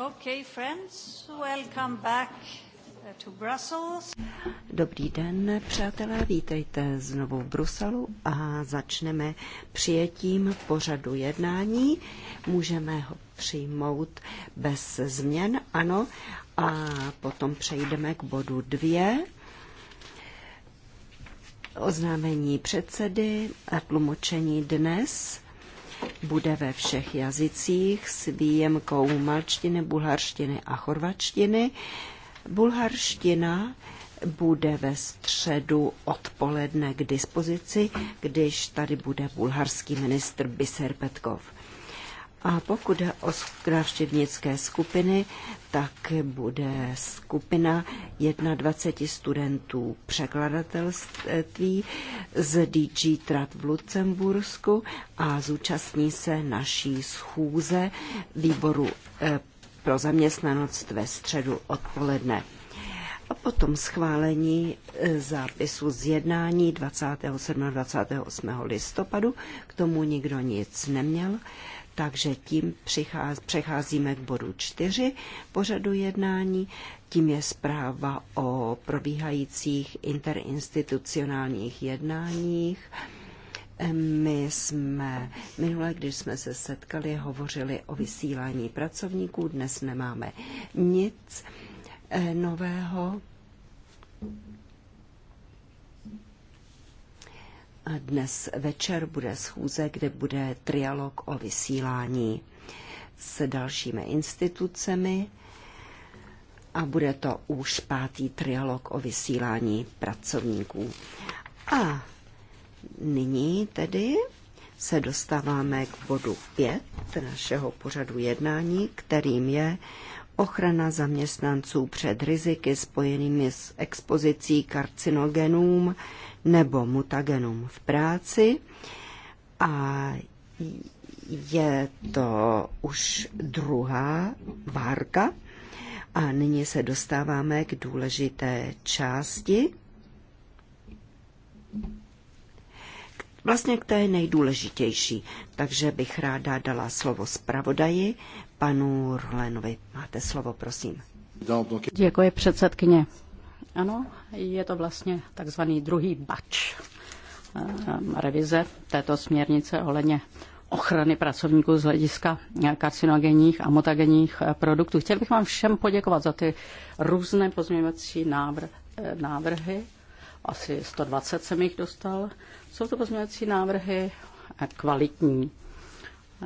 Okay, friends, welcome back uh, to Brussels. Dobrý den, přátelé, vítejte znovu v Bruselu a začneme přijetím pořadu jednání. Můžeme ho přijmout bez změn, ano, a potom přejdeme k bodu dvě. Oznámení předsedy a tlumočení dnes bude ve všech jazycích s výjimkou malčtiny, bulharštiny a chorvačtiny. Bulharština bude ve středu odpoledne k dispozici, když tady bude bulharský ministr Biser Petkov. A pokud jde o návštěvnické skupiny, tak bude skupina 21 studentů překladatelství z DG Trat v Lucembursku a zúčastní se naší schůze výboru eh, pro zaměstnanost ve středu odpoledne. A potom schválení eh, zápisu z jednání 27. 28. listopadu. K tomu nikdo nic neměl. Takže tím přecházíme k bodu čtyři. pořadu jednání. Tím je zpráva o probíhajících interinstitucionálních jednáních. My jsme minule, když jsme se setkali, hovořili o vysílání pracovníků. Dnes nemáme nic eh, nového. Dnes večer bude schůze, kde bude trialog o vysílání s dalšími institucemi a bude to už pátý trialog o vysílání pracovníků. A nyní tedy se dostáváme k bodu 5 našeho pořadu jednání, kterým je ochrana zaměstnanců před riziky spojenými s expozicí karcinogenům nebo mutagenům v práci a je to už druhá várka a nyní se dostáváme k důležité části, vlastně k té nejdůležitější. Takže bych ráda dala slovo zpravodaji, panu Rolenovi. Máte slovo, prosím. Děkuji předsedkyně. Ano, je to vlastně takzvaný druhý bač eh, revize této směrnice ohledně ochrany pracovníků z hlediska karcinogenních a mutagenních eh, produktů. Chtěl bych vám všem poděkovat za ty různé pozměňovací návr- eh, návrhy. Asi 120 jsem jich dostal. Jsou to pozměňovací návrhy kvalitní.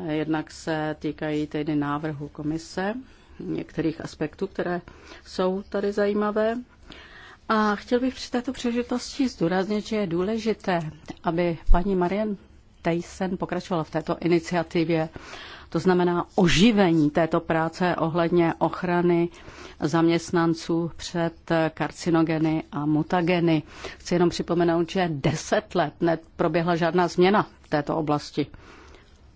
Jednak se týkají tedy návrhu komise, některých aspektů, které jsou tady zajímavé. A chtěl bych při této příležitosti zdůraznit, že je důležité, aby paní Marian Tyson pokračovala v této iniciativě, to znamená oživení této práce ohledně ochrany zaměstnanců před karcinogeny a mutageny. Chci jenom připomenout, že deset let neproběhla žádná změna v této oblasti.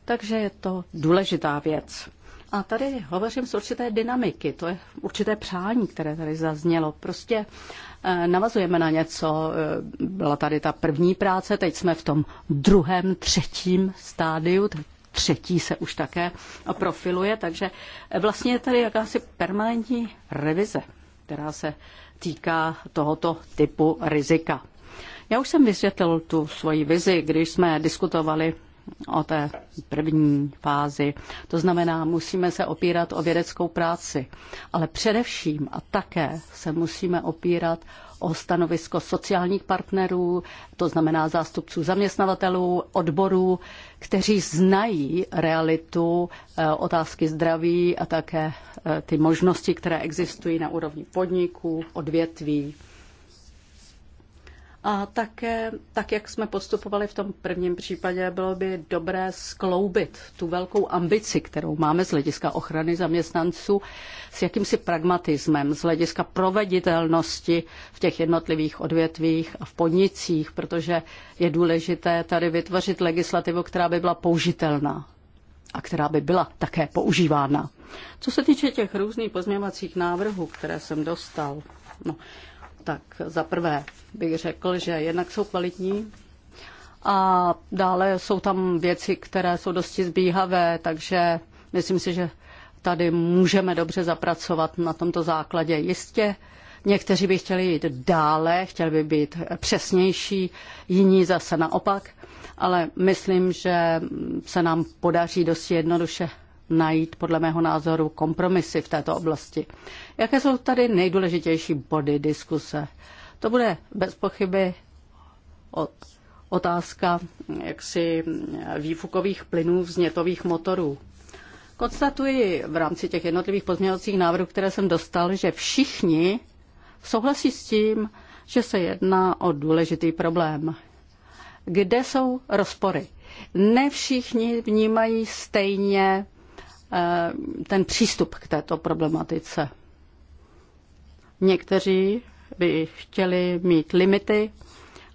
Takže je to důležitá věc. A tady hovořím z určité dynamiky, to je určité přání, které tady zaznělo. Prostě eh, navazujeme na něco, eh, byla tady ta první práce, teď jsme v tom druhém, třetím stádiu, třetí se už také profiluje, takže eh, vlastně je tady jakási permanentní revize, která se týká tohoto typu rizika. Já už jsem vysvětlil tu svoji vizi, když jsme diskutovali o té první fázi. To znamená, musíme se opírat o vědeckou práci, ale především a také se musíme opírat o stanovisko sociálních partnerů, to znamená zástupců zaměstnavatelů, odborů, kteří znají realitu, eh, otázky zdraví a také eh, ty možnosti, které existují na úrovni podniků, odvětví. A také, tak jak jsme postupovali v tom prvním případě, bylo by dobré skloubit tu velkou ambici, kterou máme z hlediska ochrany zaměstnanců, s jakýmsi pragmatismem, z hlediska proveditelnosti v těch jednotlivých odvětvích a v podnicích, protože je důležité tady vytvořit legislativu, která by byla použitelná a která by byla také používána. Co se týče těch různých pozměvacích návrhů, které jsem dostal, no, tak za prvé bych řekl, že jednak jsou kvalitní a dále jsou tam věci, které jsou dosti zbíhavé, takže myslím si, že tady můžeme dobře zapracovat na tomto základě. Jistě někteří by chtěli jít dále, chtěli by být přesnější, jiní zase naopak, ale myslím, že se nám podaří dosti jednoduše najít podle mého názoru kompromisy v této oblasti. Jaké jsou tady nejdůležitější body diskuse? To bude bez pochyby otázka jaksi výfukových plynů vznětových motorů. Konstatuji v rámci těch jednotlivých pozměňovacích návrhů, které jsem dostal, že všichni souhlasí s tím, že se jedná o důležitý problém. Kde jsou rozpory? Ne všichni vnímají stejně Eh, ten přístup k této problematice. Někteří by chtěli mít limity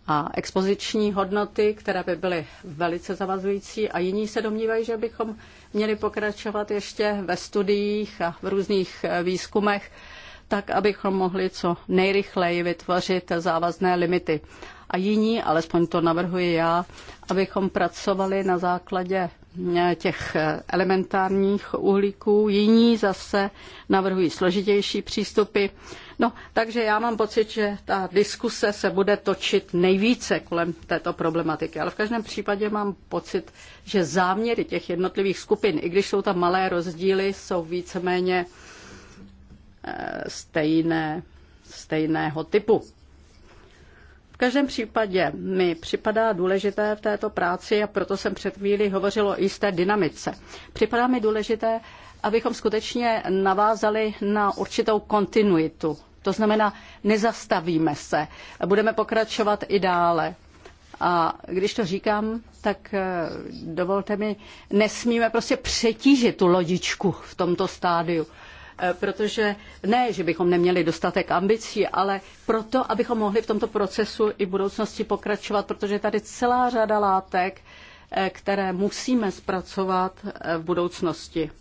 a expoziční hodnoty, které by byly velice zavazující a jiní se domnívají, že bychom měli pokračovat ještě ve studiích a v různých eh, výzkumech, tak abychom mohli co nejrychleji vytvořit závazné limity. A jiní, alespoň to navrhuji já, abychom pracovali na základě těch elementárních uhlíků, jiní zase navrhují složitější přístupy. No, takže já mám pocit, že ta diskuse se bude točit nejvíce kolem této problematiky, ale v každém případě mám pocit, že záměry těch jednotlivých skupin, i když jsou tam malé rozdíly, jsou víceméně eh, stejné, stejného typu každém případě mi připadá důležité v této práci a proto jsem před chvíli hovořil o jisté dynamice. Připadá mi důležité, abychom skutečně navázali na určitou kontinuitu. To znamená, nezastavíme se, budeme pokračovat i dále. A když to říkám, tak eh, dovolte mi, nesmíme prostě přetížit tu lodičku v tomto stádiu. Eh, protože ne, že bychom neměli dostatek ambicí, ale proto, abychom mohli v tomto procesu i v budoucnosti pokračovat, protože tady celá řada látek, eh, které musíme zpracovat eh, v budoucnosti.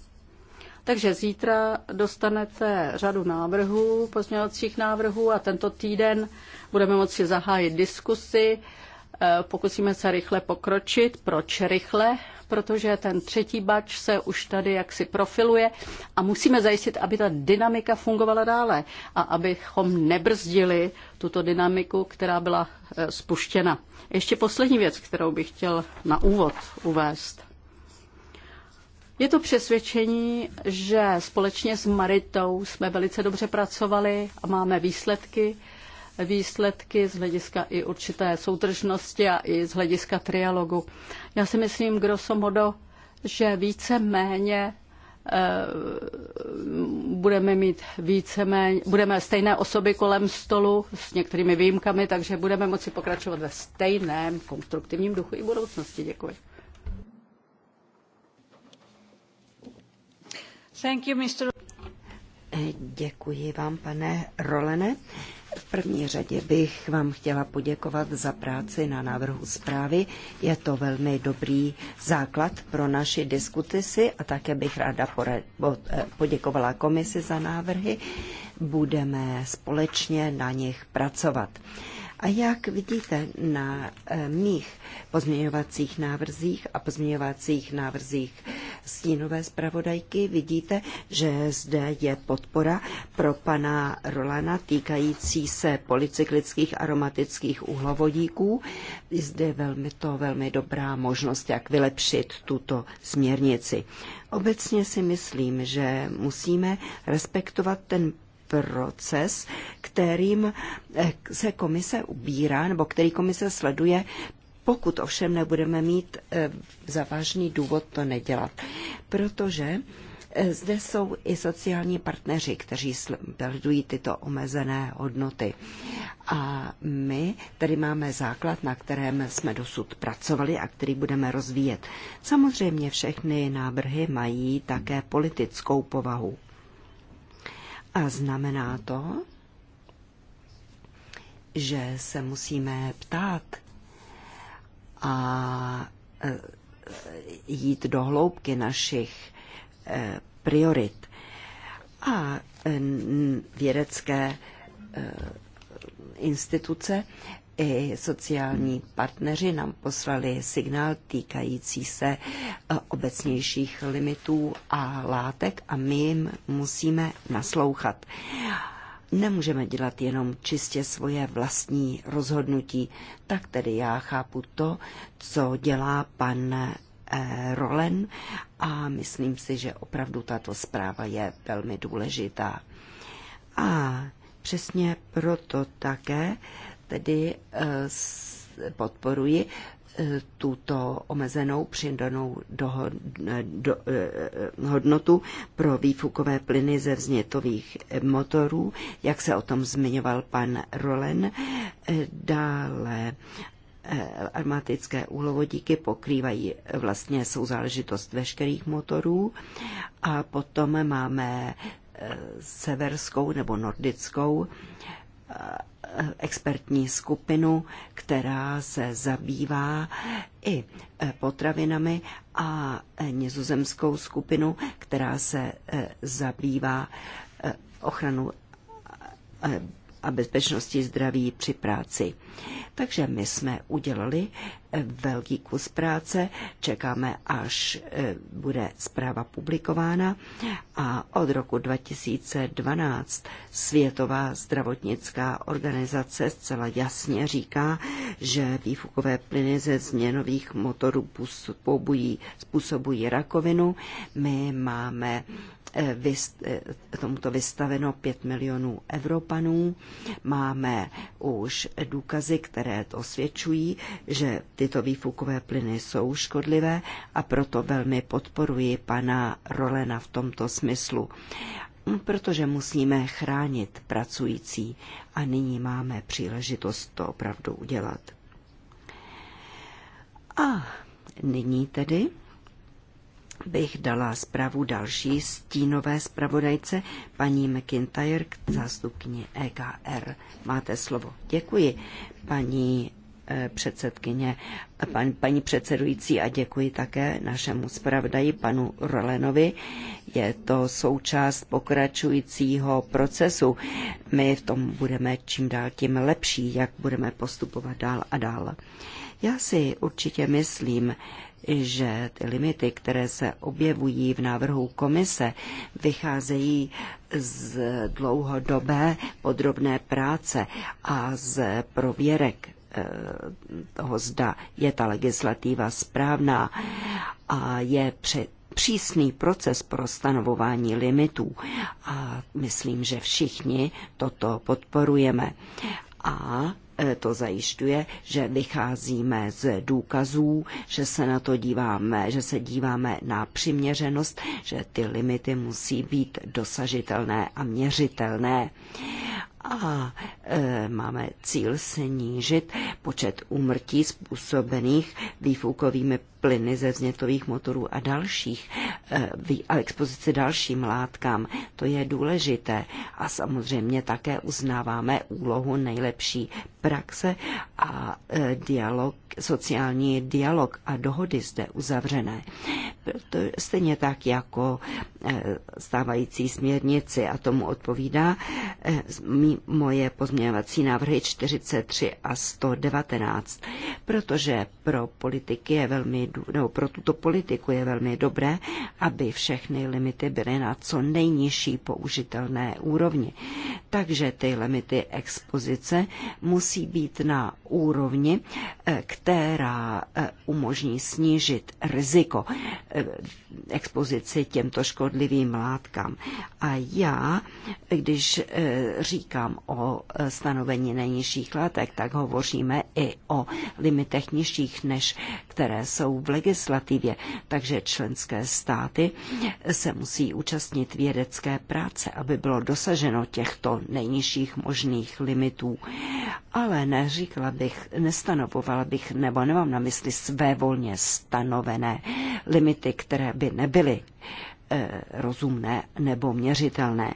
Takže zítra dostanete řadu návrhů, pozměňovacích návrhů a tento týden budeme moci zahájit diskusy. Pokusíme se rychle pokročit. Proč rychle? protože ten třetí bač se už tady jaksi profiluje a musíme zajistit, aby ta dynamika fungovala dále a abychom nebrzdili tuto dynamiku, která byla eh, spuštěna. Ještě poslední věc, kterou bych chtěl na úvod uvést. Je to přesvědčení, že společně s Maritou jsme velice dobře pracovali a máme výsledky výsledky z hlediska i určité soudržnosti a i z hlediska trialogu. Já si myslím, grosso modo, že více méně eh, budeme mít více méně, budeme stejné osoby kolem stolu s některými výjimkami, takže budeme moci pokračovat ve stejném konstruktivním duchu i budoucnosti. Děkuji. Thank you, Mr. Eh, děkuji vám, pane Rolene. V první řadě bych vám chtěla poděkovat za práci na návrhu zprávy. Je to velmi dobrý základ pro naši diskusy a také bych ráda eh, poděkovala komisi za návrhy. Budeme společně na nich pracovat. A jak vidíte na eh, mých pozměňovacích návrzích a pozměňovacích návrzích stínové zpravodajky, vidíte, že zde je podpora pro pana Rolana týkající se polycyklických aromatických uhlovodíků. Zde je velmi to velmi dobrá možnost, jak vylepšit tuto směrnici. Obecně si myslím, že musíme respektovat ten proces, kterým eh, se komise ubírá, nebo který komise sleduje, pokud ovšem nebudeme mít eh, závažný důvod to nedělat. Protože eh, zde jsou i sociální partneři, kteří sledují tyto omezené hodnoty. A my tady máme základ, na kterém jsme dosud pracovali a který budeme rozvíjet. Samozřejmě všechny návrhy mají také politickou povahu. A znamená to, že se musíme ptát a e, jít do hloubky našich e, priorit. A e, vědecké instituce i sociální partneři nám poslali signál týkající se eh, obecnějších limitů a látek a my jim musíme naslouchat. Nemůžeme dělat jenom čistě svoje vlastní rozhodnutí. Tak tedy já chápu to, co dělá pan eh, Rolen a myslím si, že opravdu tato zpráva je velmi důležitá. A přesně proto také tedy eh, podporuji eh, tuto omezenou přidanou eh, do, hodnotu pro výfukové plyny ze vznětových motorů, jak se o tom zmiňoval pan Rolen. Dále armatické úlovodíky pokrývají vlastně jsou záležitost veškerých motorů a potom máme severskou nebo nordickou expertní skupinu, která se zabývá i e, potravinami a e, nizozemskou skupinu, která se e, zabývá ochranou a bezpečnosti zdraví při práci. Takže my jsme udělali eh, velký kus práce, čekáme, až eh, bude zpráva publikována a od roku 2012 Světová zdravotnická organizace zcela jasně říká, že výfukové plyny ze změnových motorů způsobují, způsobují rakovinu. My máme eh, tomuto vystaveno 5 milionů Evropanů. Máme už důkaz důkazy, které to svědčují, že tyto výfukové plyny jsou škodlivé a proto velmi podporuji pana Rolena v tomto smyslu mm, protože musíme chránit pracující a nyní máme příležitost to opravdu udělat. A nyní tedy bych dala zprávu další stínové zpravodajce, paní McIntyre, zástupkyni EKR. Máte slovo. Děkuji, paní eh, předsedkyně, pan, paní předsedující a děkuji také našemu zpravodaji panu Rolenovi. Je to součást pokračujícího procesu. My v tom budeme čím dál tím lepší, jak budeme postupovat dál a dál. Já si určitě myslím, že ty limity, které se objevují v návrhu komise, vycházejí z dlouhodobé podrobné práce a z prověrek eh, toho zda je ta legislativa správná a je při přísný proces pro stanovování limitů a myslím, že všichni toto podporujeme. A Eh, to zajišťuje, že vycházíme z důkazů, že se na to díváme, že se díváme na přiměřenost, že ty limity musí být dosažitelné a měřitelné a e, máme cíl snížit počet úmrtí způsobených výfukovými plyny ze vznětových motorů a dalších e, a expozici dalším látkám. To je důležité a samozřejmě také uznáváme úlohu nejlepší praxe a e, dialog, sociální dialog a dohody zde uzavřené. To stejně tak jako e, stávající směrnici a tomu odpovídá e, moje pozměňovací návrhy 43 a 119, protože pro politiky je velmi, nebo pro tuto politiku je velmi dobré, aby všechny limity byly na co nejnižší použitelné úrovni. Takže ty limity expozice musí být na úrovni, eh, která eh, umožní snížit riziko eh, expozici těmto škodlivým látkám. A já, když říkám, říkám o e, stanovení nejnižších látek, tak hovoříme i o limitech nižších, než které jsou v legislativě. Takže členské státy se musí účastnit vědecké práce, aby bylo dosaženo těchto nejnižších možných limitů. Ale neříkala bych, nestanovovala bych, nebo nemám na mysli volně stanovené limity, které by nebyly e, rozumné nebo měřitelné.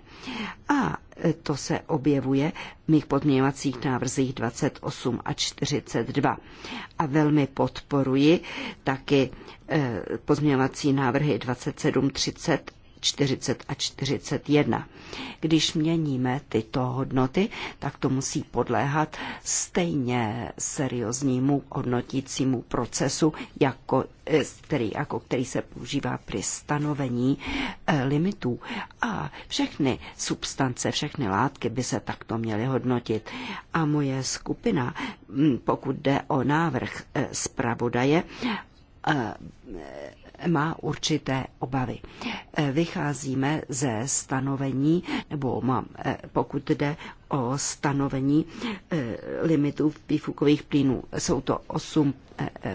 A to se objevuje v mých podměvacích návrzích 28 a 42. A velmi podporuji taky eh, pozměňovací návrhy 27, 30 40 a 41. Když měníme tyto hodnoty, tak to musí podléhat stejně serióznímu hodnotícímu procesu, jako, eh, který, jako který se používá při stanovení eh, limitů. A všechny substance, všechny látky by se takto měly hodnotit. A moje skupina, mm, pokud jde o návrh eh, zpravodaje, má určité obavy. Eh, vycházíme ze stanovení, nebo mám, eh, pokud jde o stanovení eh, limitů výfukových plynů. Jsou to 8,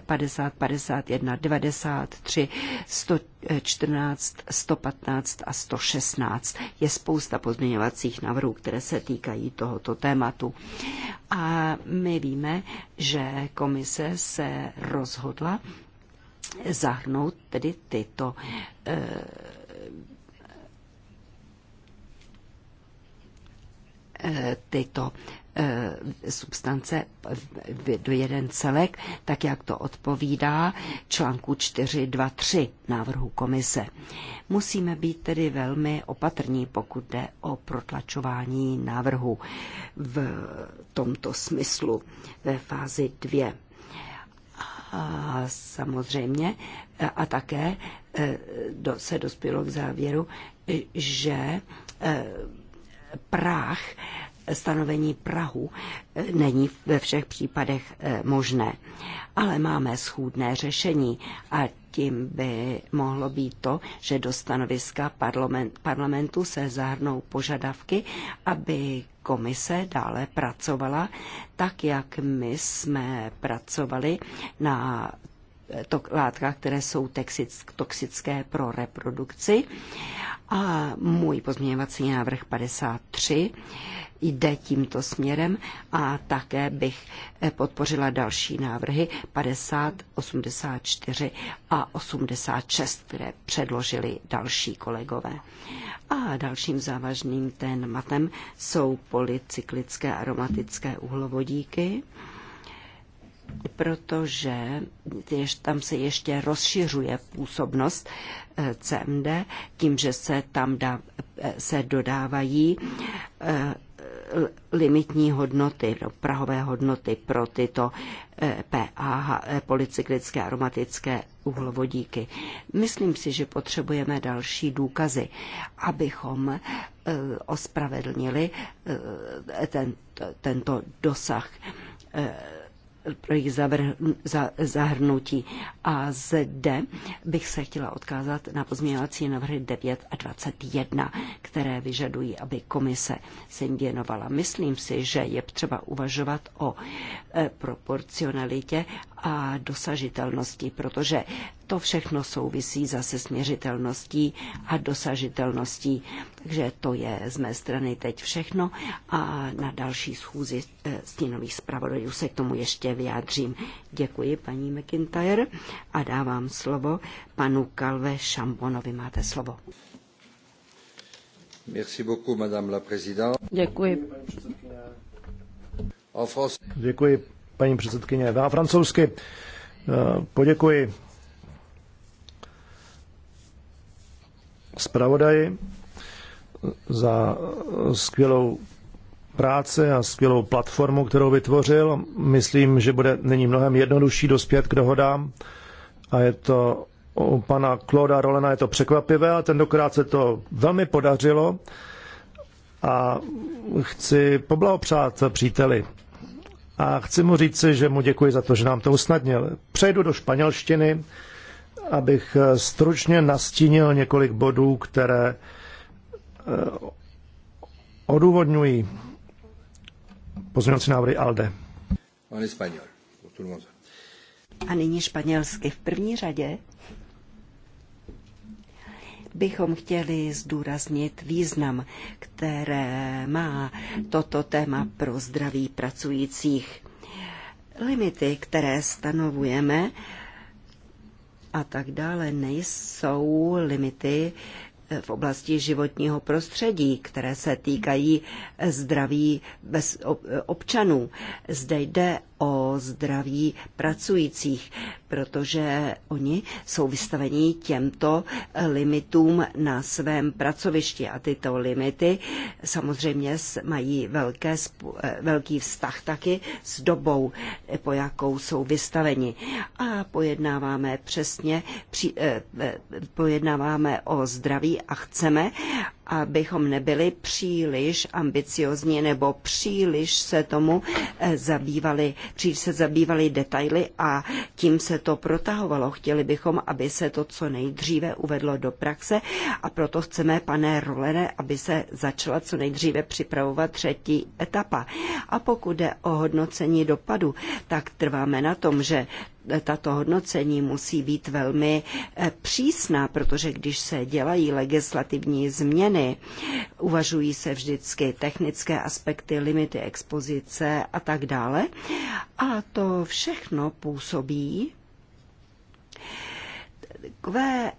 50, 51, 93, 114, 115 a 116. Je spousta pozměňovacích návrhů, které se týkají tohoto tématu. A my víme, že komise se rozhodla zahrnout tedy tyto eh, eh, tyto eh, substance do jeden celek, tak jak to odpovídá článku 4.2.3 návrhu komise. Musíme být tedy velmi opatrní, pokud jde o protlačování návrhu v tomto smyslu ve fázi 2. A samozřejmě a také e, se dospělo k závěru, e, že e, práh, stanovení Prahu není ve všech případech možné. Ale máme schůdné řešení a tím by mohlo být to, že do stanoviska parlament, parlamentu se zahrnou požadavky, aby komise dále pracovala tak, jak my jsme pracovali na látkách, které jsou toxické pro reprodukci a můj pozměňovací návrh 53 jde tímto směrem a také bych eh, podpořila další návrhy 50, 84 a 86, které předložili další kolegové. A dalším závažným tématem jsou polycyklické aromatické uhlovodíky protože tam se ještě rozšiřuje působnost eh, CMD tím, že se tam dá, eh, se dodávají eh, limitní hodnoty, no, prahové hodnoty pro tyto PAH, polycyklické aromatické uhlovodíky. Myslím si, že potřebujeme další důkazy, abychom ospravedlnili ten, tento dosah pro jejich zahrnutí. A zde bych se chtěla odkázat na pozměňovací návrhy 9 a 21, které vyžadují, aby komise se jim věnovala. Myslím si, že je třeba uvažovat o e, proporcionalitě a dosažitelnosti, protože to všechno souvisí zase s měřitelností a dosažitelností. Takže to je z mé strany teď všechno a na další schůzi e, stínových zpravodajů se k tomu ještě ještě vyjádřím. Děkuji, paní McIntyre, a dávám slovo panu Kalve Šambonovi. Máte slovo. Merci beaucoup, madame la Děkuji. Děkuji, paní předsedkyně. Na francouzsky eh, poděkuji zpravodaji za skvělou práce a skvělou platformu, kterou vytvořil. Myslím, že bude nyní mnohem jednodušší dospět k dohodám a je to u pana Kloda Rolena je to překvapivé, ale tentokrát se to velmi podařilo a chci poblahopřát příteli. A chci mu říci, že mu děkuji za to, že nám to usnadnil. Přejdu do španělštiny, abych stručně nastínil několik bodů, které eh, odůvodňují Pozměňovací návrhy ALDE. A nyní španělsky. V první řadě bychom chtěli zdůraznit význam, které má toto téma pro zdraví pracujících. Limity, které stanovujeme, a tak dále, nejsou limity, v oblasti životního prostředí, které se týkají zdraví bez občanů. Zde jde o zdraví pracujících, protože oni jsou vystaveni těmto limitům na svém pracovišti a tyto limity samozřejmě mají velké, eh, velký vztah taky s dobou, eh, po jakou jsou vystaveni. A pojednáváme přesně, při, eh, pojednáváme o zdraví a chceme, abychom nebyli příliš ambiciozní nebo příliš se tomu eh, zabývali, příliš se zabývali detaily a tím se to protahovalo. Chtěli bychom, aby se to co nejdříve uvedlo do praxe a proto chceme, pane Rolene, aby se začala co nejdříve připravovat třetí etapa. A pokud jde o hodnocení dopadu, tak trváme na tom, že tato hodnocení musí být velmi eh, přísná, protože když se dělají legislativní změny, uvažují se vždycky technické aspekty, limity expozice a tak dále. A to všechno působí takové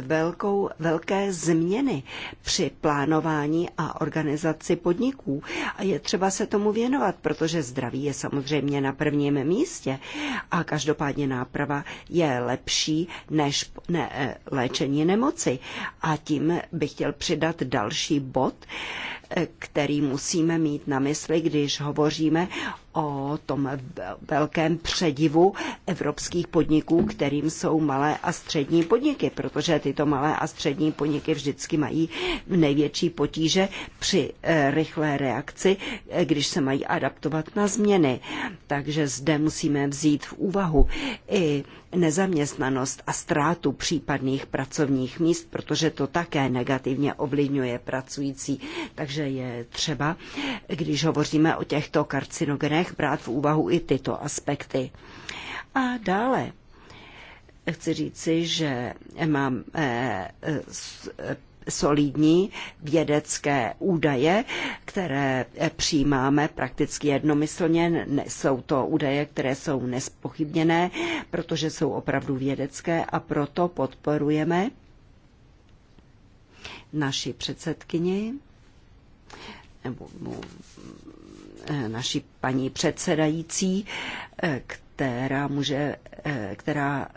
velkou, velké změny při plánování a organizaci podniků. A je třeba se tomu věnovat, protože zdraví je samozřejmě na prvním místě a každopádně náprava je lepší než ne, eh, léčení nemoci. A tím bych chtěl přidat další bod, eh, který musíme mít na mysli, když hovoříme o tom velkém předivu evropských podniků, kterým jsou malé a střední podniky, protože tyto malé a střední podniky vždycky mají největší potíže při eh, rychlé reakci, eh, když se mají adaptovat na změny. Takže zde musíme vzít v úvahu i nezaměstnanost a ztrátu případných pracovních míst, protože to také negativně ovlivňuje pracující. Takže je třeba, když hovoříme o těchto karcinogenech, regionech brát v úvahu i tyto aspekty. A dále chci říci, že mám eh, eh, solidní vědecké údaje, které eh, přijímáme prakticky jednomyslně. Jsou to údaje, které jsou nespochybněné, protože jsou opravdu vědecké a proto podporujeme naši předsedkyni nebo Eh, naší paní předsedající, eh, která, může, eh, která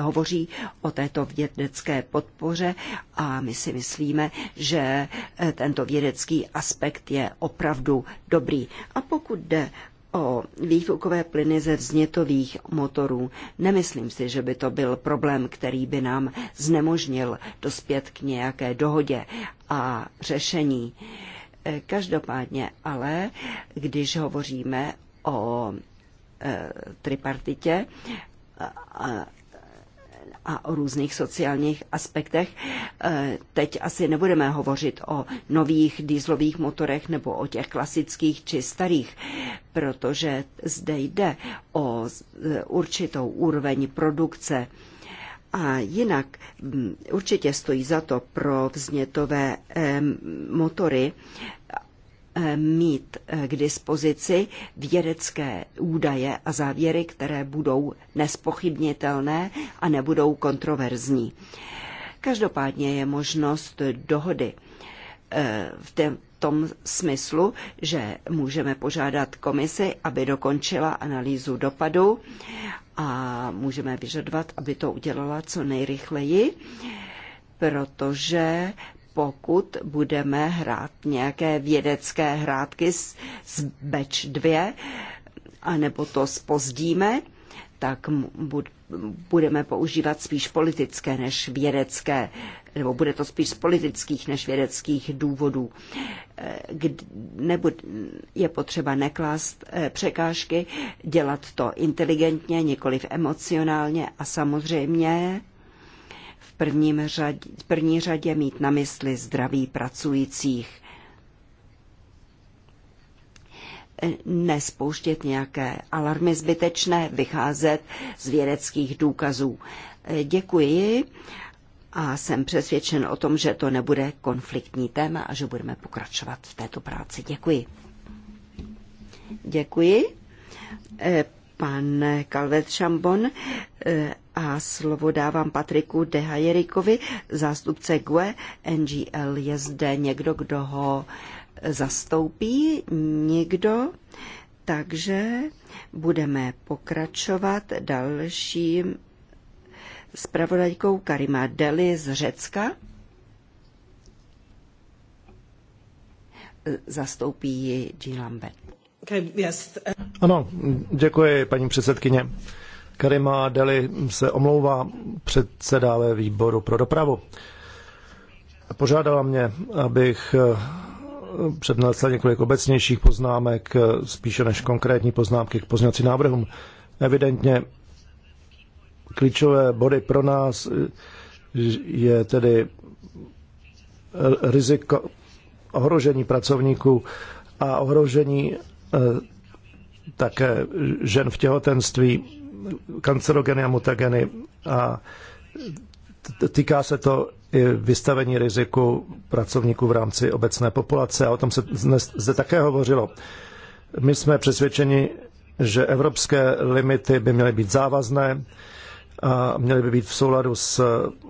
hovoří o této vědecké podpoře a my si myslíme, že tento vědecký aspekt je opravdu dobrý. A pokud jde o výfukové plyny ze vznětových motorů. Nemyslím si, že by to byl problém, který by nám znemožnil dospět k nějaké dohodě a řešení. Eh, Eh, každopádně ale, když hovoříme o eh, tripartitě a o různých sociálních aspektech. Eh, teď asi nebudeme hovořit o nových dýzlových motorech nebo o těch klasických či starých, protože zde jde o určitou úroveň produkce a jinak mm, určitě stojí za to pro vznětové motory mít eh, k dispozici vědecké údaje a závěry, které budou nespochybnitelné a nebudou kontroverzní. Každopádně je možnost dohody eh, v tom smyslu, že můžeme požádat komisi, aby dokončila analýzu dopadu a můžeme vyžadovat, aby to udělala co nejrychleji, protože pokud budeme hrát nějaké vědecké hrátky z, z batch 2, anebo to spozdíme, tak bud, budeme používat spíš politické než vědecké, nebo bude to spíš z politických než vědeckých důvodů. Eh, Kdy je potřeba neklást eh, překážky, dělat to inteligentně, nikoliv emocionálně a samozřejmě v, prvním řadě, v první řadě mít na mysli zdraví pracujících nespouštět nějaké alarmy zbytečné, vycházet z vědeckých důkazů. Eh, děkuji a jsem přesvědčen o tom, že to nebude konfliktní téma a že budeme pokračovat v této práci. Děkuji. Děkuji. Eh, pan Kalvet Šambon eh, a slovo dávám Patriku Dehajerikovi, zástupce GUE. NGL je zde někdo, kdo ho zastoupí nikdo, takže budeme pokračovat dalším spravodajkou Karima Deli z Řecka. Zastoupí ji Jean Lambert. Ano, děkuji, paní předsedkyně. Karima Deli se omlouvá předsedále výboru pro dopravu. Požádala mě, abych přednesl několik obecnějších poznámek, spíše než konkrétní poznámky k pozněcím návrhům. Evidentně klíčové body pro nás eh, je tedy riziko ohrožení pracovníků a ohrožení eh, také žen v těhotenství, kancerogeny a mutageny a týká se to i vystavení riziku pracovníků v rámci obecné populace. A o tom se dnes zde také hovořilo. My jsme přesvědčeni, že evropské limity by měly být závazné a měly by být v souladu s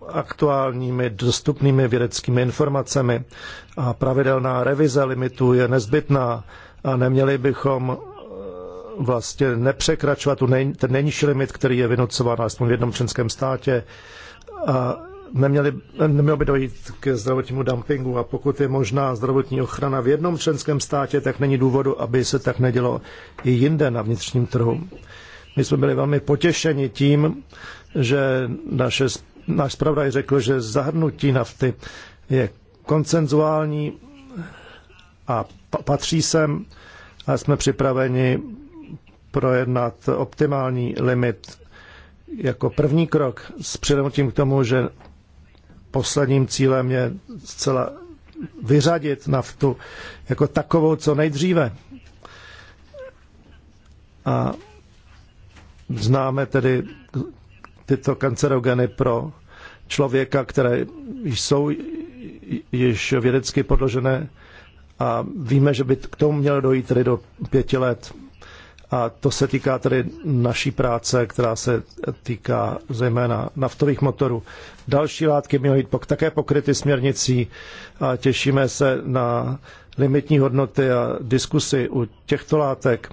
aktuálními dostupnými vědeckými informacemi. A pravidelná revize limitů je nezbytná a neměli bychom eh, vlastně nepřekračovat tu nej, ten nejnižší limit, který je vynucován alespoň v jednom členském státě. A neměli, nemělo by dojít k zdravotnímu dumpingu a pokud je možná zdravotní ochrana v jednom členském státě, tak není důvodu, aby se tak nedělo i jinde na vnitřním trhu. My jsme byli velmi potěšeni tím, že naše, náš zpravodaj řekl, že zahrnutí nafty je koncenzuální a patří sem a jsme připraveni projednat optimální limit jako první krok s přidomotím k tomu, že posledním cílem je zcela vyřadit naftu jako takovou co nejdříve. A známe tedy tyto kancerogeny pro člověka, které jsou již vědecky podložené a víme, že by k tomu mělo dojít tedy do pěti let. A to se týká tedy naší práce, která se týká zejména naftových motorů. Další látky měly být také pokryty směrnicí a těšíme se na limitní hodnoty a diskusy u těchto látek.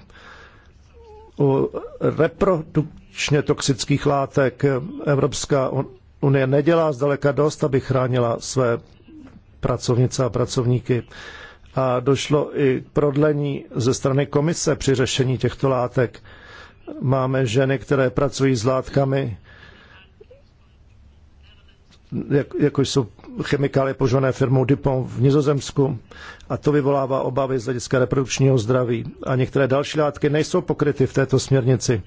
U reprodukčně toxických látek Evropská unie nedělá zdaleka dost, aby chránila své pracovnice a pracovníky a došlo i k prodlení ze strany komise při řešení těchto látek. Máme ženy, které pracují s látkami, jak, jako jsou chemikálie požované firmou Dupont v Nizozemsku a to vyvolává obavy z hlediska reprodukčního zdraví. A některé další látky nejsou pokryty v této směrnici.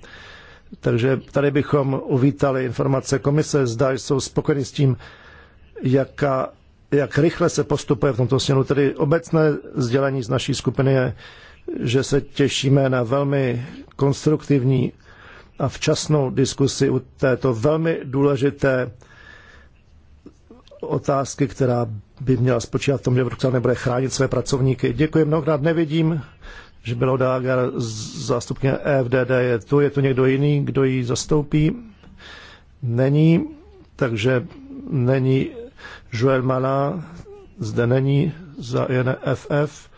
Takže tady bychom uvítali informace komise, zda jsou spokojeni s tím, jaká jak rychle se postupuje v tomto směru. Tedy obecné sdělení z naší skupiny je, že se těšíme na velmi konstruktivní a včasnou diskusi u této velmi důležité otázky, která by měla spočívat v tom, že Evropská nebude chránit své pracovníky. Děkuji mnohokrát, nevidím, že bylo Dager zástupně EFDD je tu, je tu někdo jiný, kdo ji zastoupí. Není, takže není Joel Malin zde není za ENFF.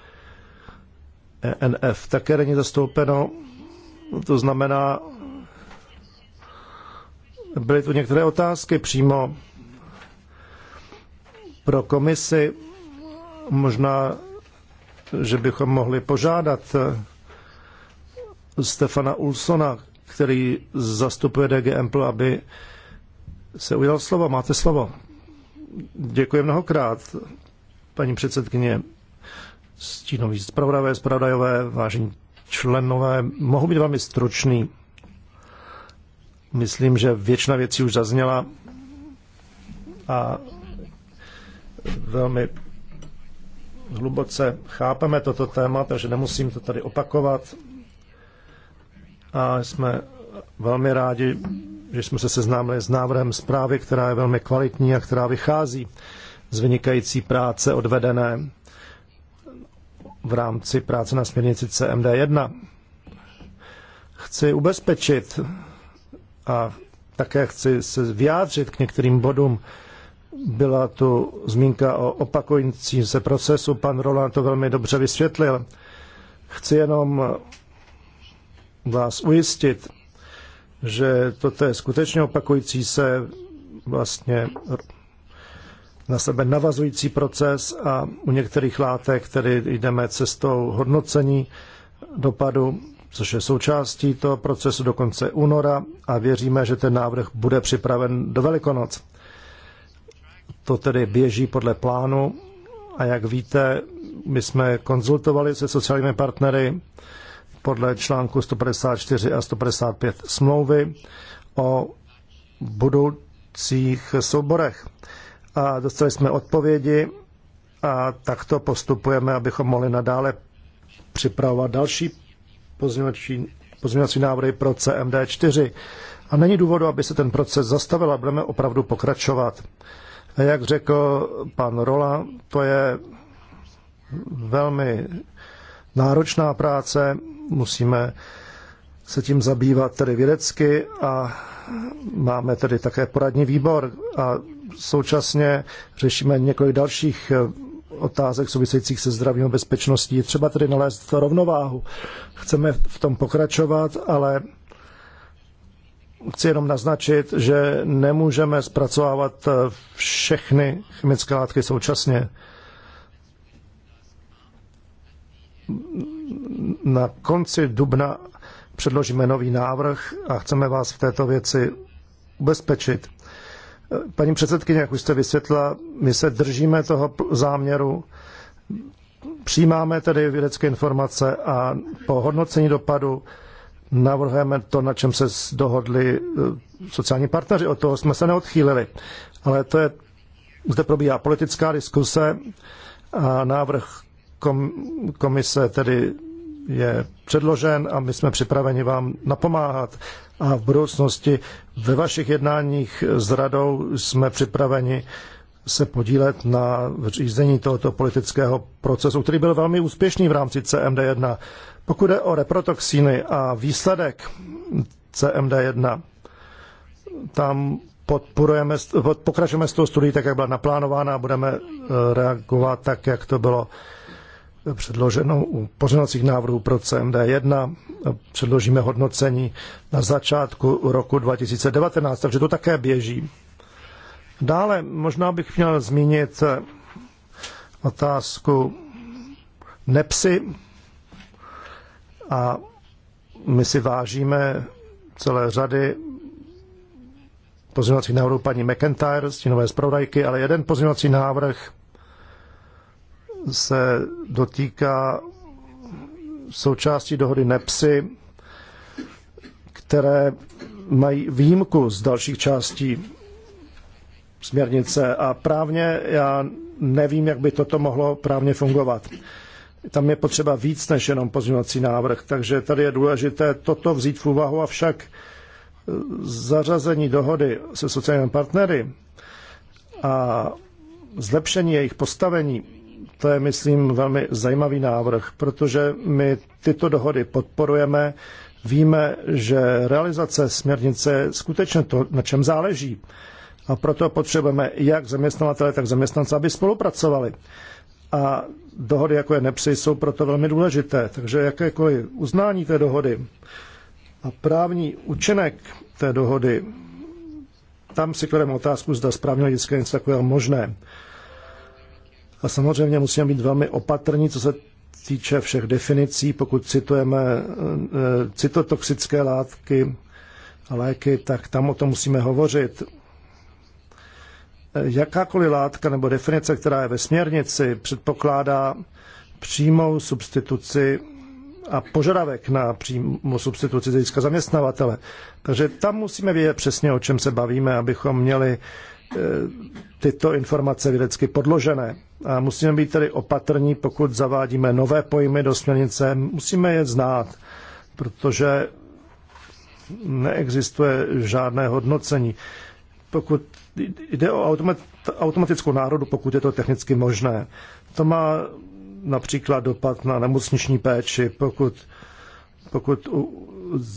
ENF také není zastoupeno. To znamená, byly tu některé otázky přímo pro komisi. Možná, že bychom mohli požádat eh, Stefana Ulsona, který zastupuje DGM, aby se ujal slova. Máte slovo. Děkuji mnohokrát, paní předsedkyně, stínoví zpravodavé, zpravodajové, vážení členové. Mohu být velmi stručný. Myslím, že většina věcí už zazněla a velmi hluboce chápeme toto téma, takže nemusím to tady opakovat. A jsme velmi rádi, že jsme se seznámili s návrhem zprávy, která je velmi kvalitní a která vychází z vynikající práce odvedené v rámci práce na směrnici CMD1. Chci ubezpečit a také chci se vyjádřit k některým bodům. Byla tu zmínka o opakujícím se procesu, pan Roland to velmi dobře vysvětlil. Chci jenom vás ujistit, že toto je skutečně opakující se vlastně na sebe navazující proces a u některých látek které jdeme cestou hodnocení dopadu, což je součástí toho procesu do konce února a věříme, že ten návrh bude připraven do Velikonoc. To tedy běží podle plánu a jak víte, my jsme konzultovali se sociálními partnery podle článku 154 a 155 smlouvy o budoucích souborech. A dostali jsme odpovědi a takto postupujeme, abychom mohli nadále připravovat další pozměňovací, pozměňovací návrhy pro CMD4. A není důvodu, aby se ten proces zastavil a budeme opravdu pokračovat. A jak řekl pan Rola, to je velmi náročná práce, musíme se tím zabývat tedy vědecky a máme tedy také poradní výbor a současně řešíme několik dalších eh, otázek souvisejících se zdravím a bezpečností. Třeba tedy nalézt rovnováhu. Chceme v tom pokračovat, ale chci jenom naznačit, že nemůžeme zpracovávat eh, všechny chemické látky současně na konci dubna předložíme nový návrh a chceme vás v této věci ubezpečit. Paní předsedkyně, jak už jste vysvětla, my se držíme toho záměru, přijímáme tedy vědecké informace a po hodnocení dopadu navrhujeme to, na čem se dohodli e, sociální partneři. Od toho jsme se neodchýlili. Ale to je, zde probíhá politická diskuse a návrh komise tedy je předložen a my jsme připraveni vám napomáhat. A v budoucnosti ve vašich jednáních s radou jsme připraveni se podílet na řízení tohoto politického procesu, který byl velmi úspěšný v rámci CMD1. Pokud je o reprotoxíny a výsledek CMD1, tam podporujeme, pokračujeme s tou studií tak, jak byla naplánována a budeme eh, reagovat tak, jak to bylo předloženou pořenocích návrhů pro CMD1. Předložíme hodnocení na začátku roku 2019, takže to také běží. Dále možná bych měl zmínit otázku nepsy a my si vážíme celé řady pozměňovacích návrhů paní McIntyre, stínové zpravodajky, ale jeden pozměňovací návrh se dotýká součástí dohody NEPSy, které mají výjimku z dalších částí směrnice a právně já nevím, jak by toto mohlo právně fungovat. Tam je potřeba víc než jenom pozměňovací návrh, takže tady je důležité toto vzít v úvahu, avšak zařazení dohody se sociálními partnery a zlepšení jejich postavení to je, myslím, velmi zajímavý návrh, protože my tyto dohody podporujeme. Víme, že realizace směrnice je skutečně to, na čem záleží. A proto potřebujeme jak zaměstnavatele, tak zaměstnance, aby spolupracovali. A dohody, jako je NEPSI, jsou proto velmi důležité. Takže jakékoliv uznání té dohody a právní účinek té dohody, tam si klademe otázku, zda správně lidské něco takového možné. A samozřejmě musíme být velmi opatrní, co se týče všech definicí, pokud citujeme eh, citotoxické látky a léky, tak tam o tom musíme hovořit. Eh, jakákoliv látka nebo definice, která je ve směrnici, předpokládá přímou substituci a požadavek na přímou substituci z hlediska zaměstnavatele. Takže tam musíme vědět přesně, o čem se bavíme, abychom měli Eh, tyto informace vědecky podložené. A musíme být tedy opatrní, pokud zavádíme nové pojmy do směrnice, musíme je znát, protože neexistuje žádné hodnocení. Pokud jde o automatickou národu, pokud je to technicky možné, to má například dopad na nemocniční péči, pokud, pokud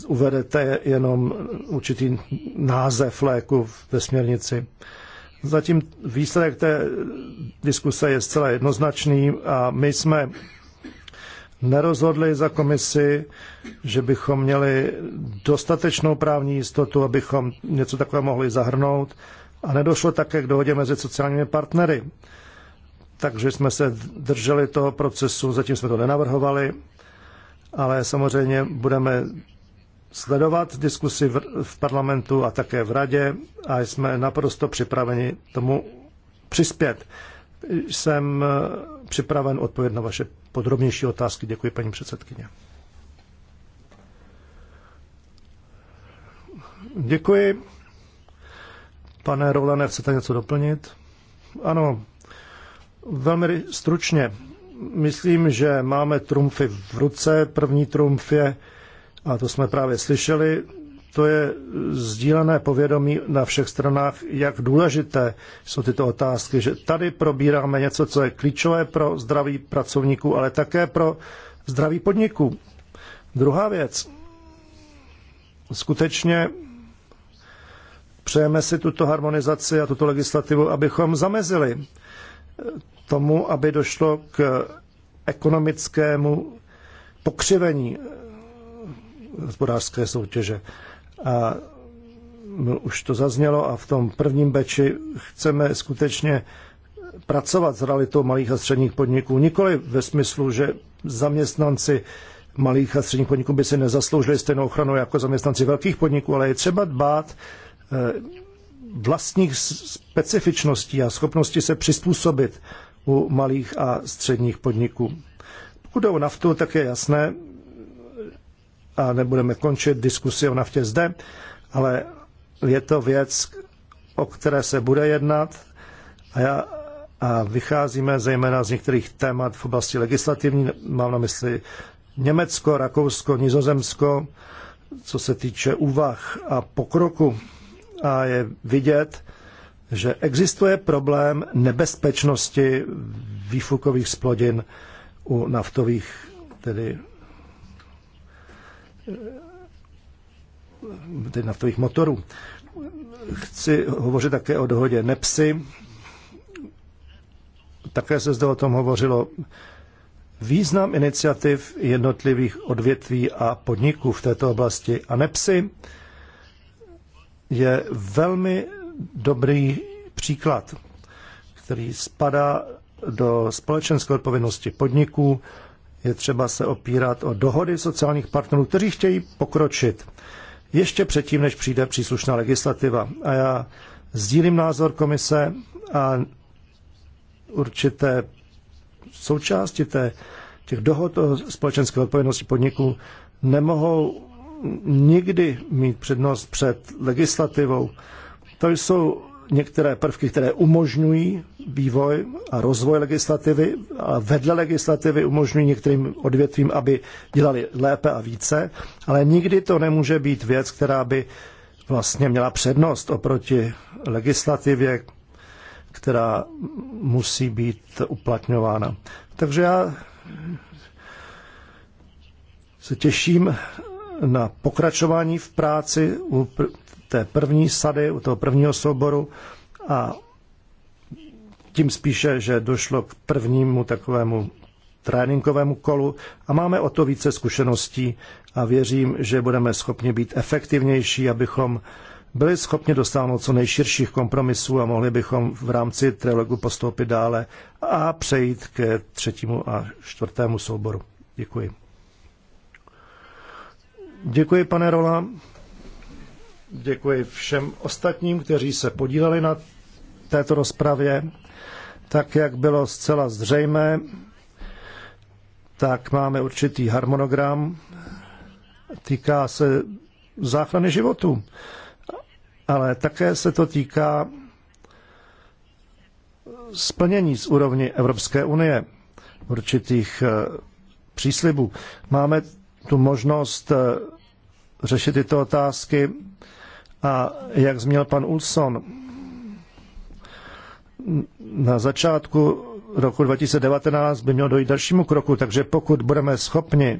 uvedete jenom určitý název léku ve směrnici. Zatím výsledek té diskuse je zcela jednoznačný a my jsme nerozhodli za komisi, že bychom měli dostatečnou právní jistotu, abychom něco takového mohli zahrnout a nedošlo také k dohodě mezi sociálními partnery. Takže jsme se drželi toho procesu, zatím jsme to nenavrhovali, ale samozřejmě budeme sledovat diskusi v, v parlamentu a také v radě a jsme naprosto připraveni tomu přispět. Jsem eh, připraven odpovědět na vaše podrobnější otázky. Děkuji, paní předsedkyně. Děkuji. Pane Rolane, chcete něco doplnit? Ano, velmi stručně. Myslím, že máme trumfy v ruce. První trumf je a to jsme právě slyšeli, to je sdílené povědomí na všech stranách, jak důležité jsou tyto otázky, že tady probíráme něco, co je klíčové pro zdraví pracovníků, ale také pro zdraví podniků. Druhá věc. Skutečně přejeme si tuto harmonizaci a tuto legislativu, abychom zamezili tomu, aby došlo k ekonomickému pokřivení hospodářské soutěže. A už to zaznělo a v tom prvním beči chceme skutečně pracovat s realitou malých a středních podniků. Nikoli ve smyslu, že zaměstnanci malých a středních podniků by si nezasloužili stejnou ochranu jako zaměstnanci velkých podniků, ale je třeba dbát eh, vlastních specifičností a schopnosti se přizpůsobit u malých a středních podniků. Pokud jde o naftu, tak je jasné, a nebudeme končit diskusi o naftě zde, ale je to věc, o které se bude jednat a, já, a vycházíme zejména z některých témat v oblasti legislativní, mám na mysli Německo, Rakousko, Nizozemsko, co se týče úvah a pokroku. A je vidět, že existuje problém nebezpečnosti výfukových splodin u naftových tedy Eh, tedy naftových motorů. Chci hovořit také o dohodě NEPSy. Také se zde o tom hovořilo. Význam iniciativ jednotlivých odvětví a podniků v této oblasti a NEPSy je velmi dobrý příklad, který spadá do společenské odpovědnosti podniků je třeba se opírat o dohody sociálních partnerů, kteří chtějí pokročit ještě předtím, než přijde příslušná legislativa. A já sdílím názor komise a určité součásti té, těch dohod o společenské odpovědnosti podniků nemohou nikdy mít přednost před legislativou. To jsou některé prvky, které umožňují vývoj a rozvoj legislativy a vedle legislativy umožňují některým odvětvím, aby dělali lépe a více, ale nikdy to nemůže být věc, která by vlastně měla přednost oproti legislativě, která musí být uplatňována. Takže já se těším na pokračování v práci u té první sady, u toho prvního souboru a tím spíše, že došlo k prvnímu takovému tréninkovému kolu a máme o to více zkušeností a věřím, že budeme schopni být efektivnější, abychom byli schopni dostáhnout co nejširších kompromisů a mohli bychom v rámci trilogu postoupit dále a přejít ke třetímu a čtvrtému souboru. Děkuji. Děkuji, pane Rola. Děkuji všem ostatním, kteří se podíleli na této rozpravě. Tak, jak bylo zcela zřejmé, tak máme určitý harmonogram. Týká se záchrany životu, ale také se to týká splnění z úrovni Evropské unie určitých eh, příslibů. Máme tu možnost eh, řešit tyto otázky a jak zmínil pan Ulson, na začátku roku 2019 by mělo dojít dalšímu kroku, takže pokud budeme schopni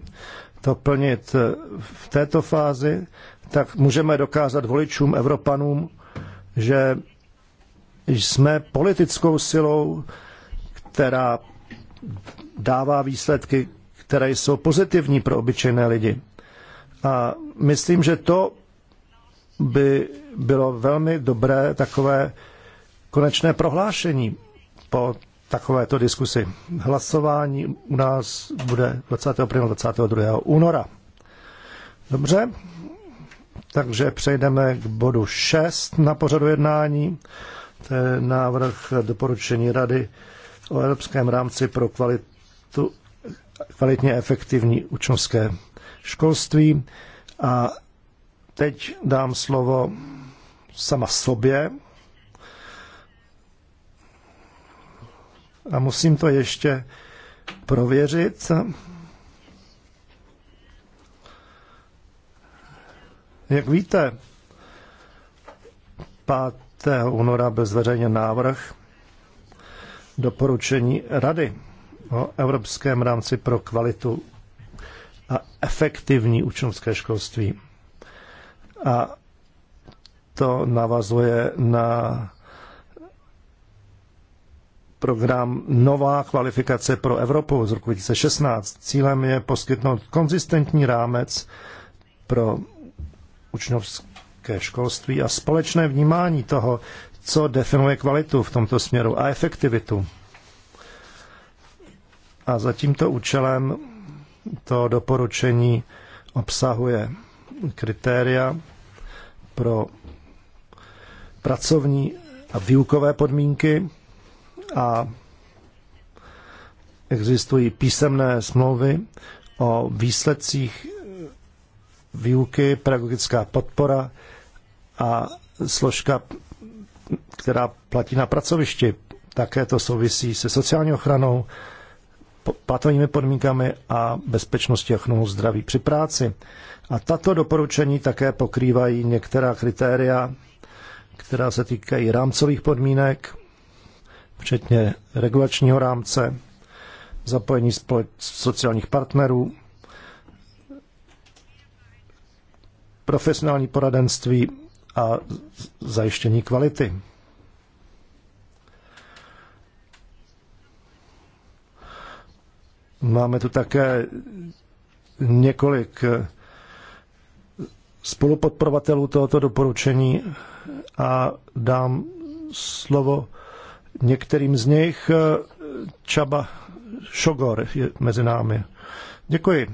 to plnit v této fázi, tak můžeme dokázat voličům, Evropanům, že jsme politickou silou, která dává výsledky, které jsou pozitivní pro obyčejné lidi. A myslím, že to by bylo velmi dobré takové konečné prohlášení po takovéto diskusi. Hlasování u nás bude 21. 22. února. Dobře, takže přejdeme k bodu 6 na pořadu jednání. To je návrh doporučení Rady o Evropském rámci pro kvalitu, kvalitně efektivní učňovské školství a Teď dám slovo sama sobě. A musím to ještě prověřit. Jak víte, 5. února byl zveřejněn návrh doporučení Rady o Evropském rámci pro kvalitu a efektivní učňovské školství. A to navazuje na program Nová kvalifikace pro Evropu z roku 2016. Cílem je poskytnout konzistentní rámec pro učňovské školství a společné vnímání toho, co definuje kvalitu v tomto směru a efektivitu. A za tímto účelem to doporučení obsahuje kritéria pro pracovní a výukové podmínky a existují písemné smlouvy o výsledcích výuky, pedagogická podpora a složka, která platí na pracovišti. Také to souvisí se sociální ochranou platovými podmínkami a bezpečnosti a ochranu zdraví při práci. A tato doporučení také pokrývají některá kritéria, která se týkají rámcových podmínek, včetně regulačního rámce, zapojení sociálních partnerů, profesionální poradenství a zajištění kvality. Máme tu také několik spolupodporovatelů tohoto doporučení a dám slovo některým z nich. Čaba Šogor je mezi námi. Děkuji.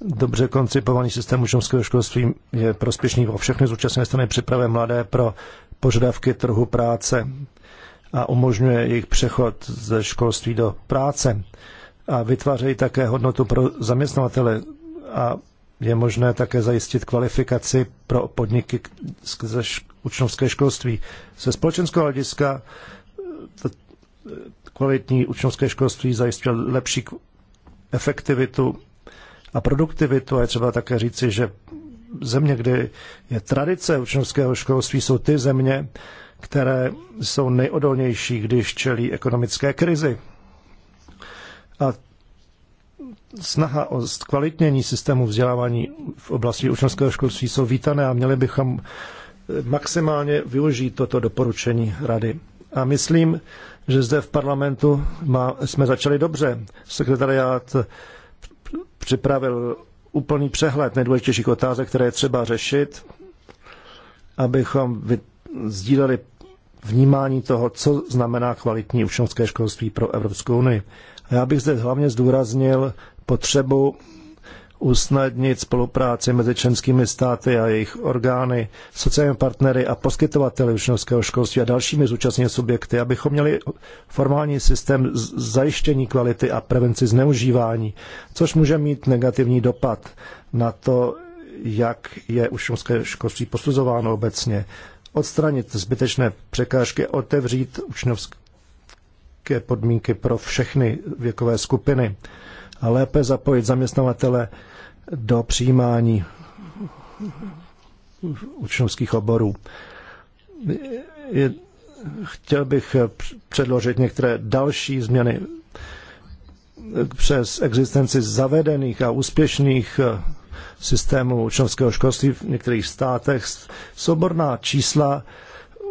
Dobře koncipovaný systém učňovského školství je prospěšný pro všechny zúčastněné strany připravy mladé pro požadavky trhu práce a umožňuje jejich přechod ze školství do práce a vytvářejí také hodnotu pro zaměstnavatele a je možné také zajistit kvalifikaci pro podniky ze učňovské školství. Se společenského hlediska eh, kvalitní učňovské školství zajistil lepší efektivitu a produktivitu. A je třeba také říci, že země, kde je tradice učňovského školství, jsou ty země, které jsou nejodolnější, když čelí ekonomické krizi. A snaha o zkvalitnění systému vzdělávání v oblasti učňovského školství jsou vítané a měli bychom maximálně využít toto doporučení rady. A myslím, že zde v parlamentu má, jsme začali dobře. Sekretariát připravil úplný přehled nejdůležitějších otázek, které je třeba řešit, abychom sdíleli vnímání toho, co znamená kvalitní učňovské školství pro Evropskou unii. A já bych zde hlavně zdůraznil potřebu usnadnit spolupráci mezi členskými státy a jejich orgány, sociálními partnery a poskytovateli učňovského školství a dalšími zúčastněnými subjekty, abychom měli formální systém zajištění kvality a prevenci zneužívání, což může mít negativní dopad na to, jak je učňovské školství posuzováno obecně odstranit zbytečné překážky, otevřít učňovské podmínky pro všechny věkové skupiny a lépe zapojit zaměstnavatele do přijímání učňovských oborů. Je, chtěl bych předložit některé další změny přes existenci zavedených a úspěšných systému učňovského školství v některých státech. Soborná čísla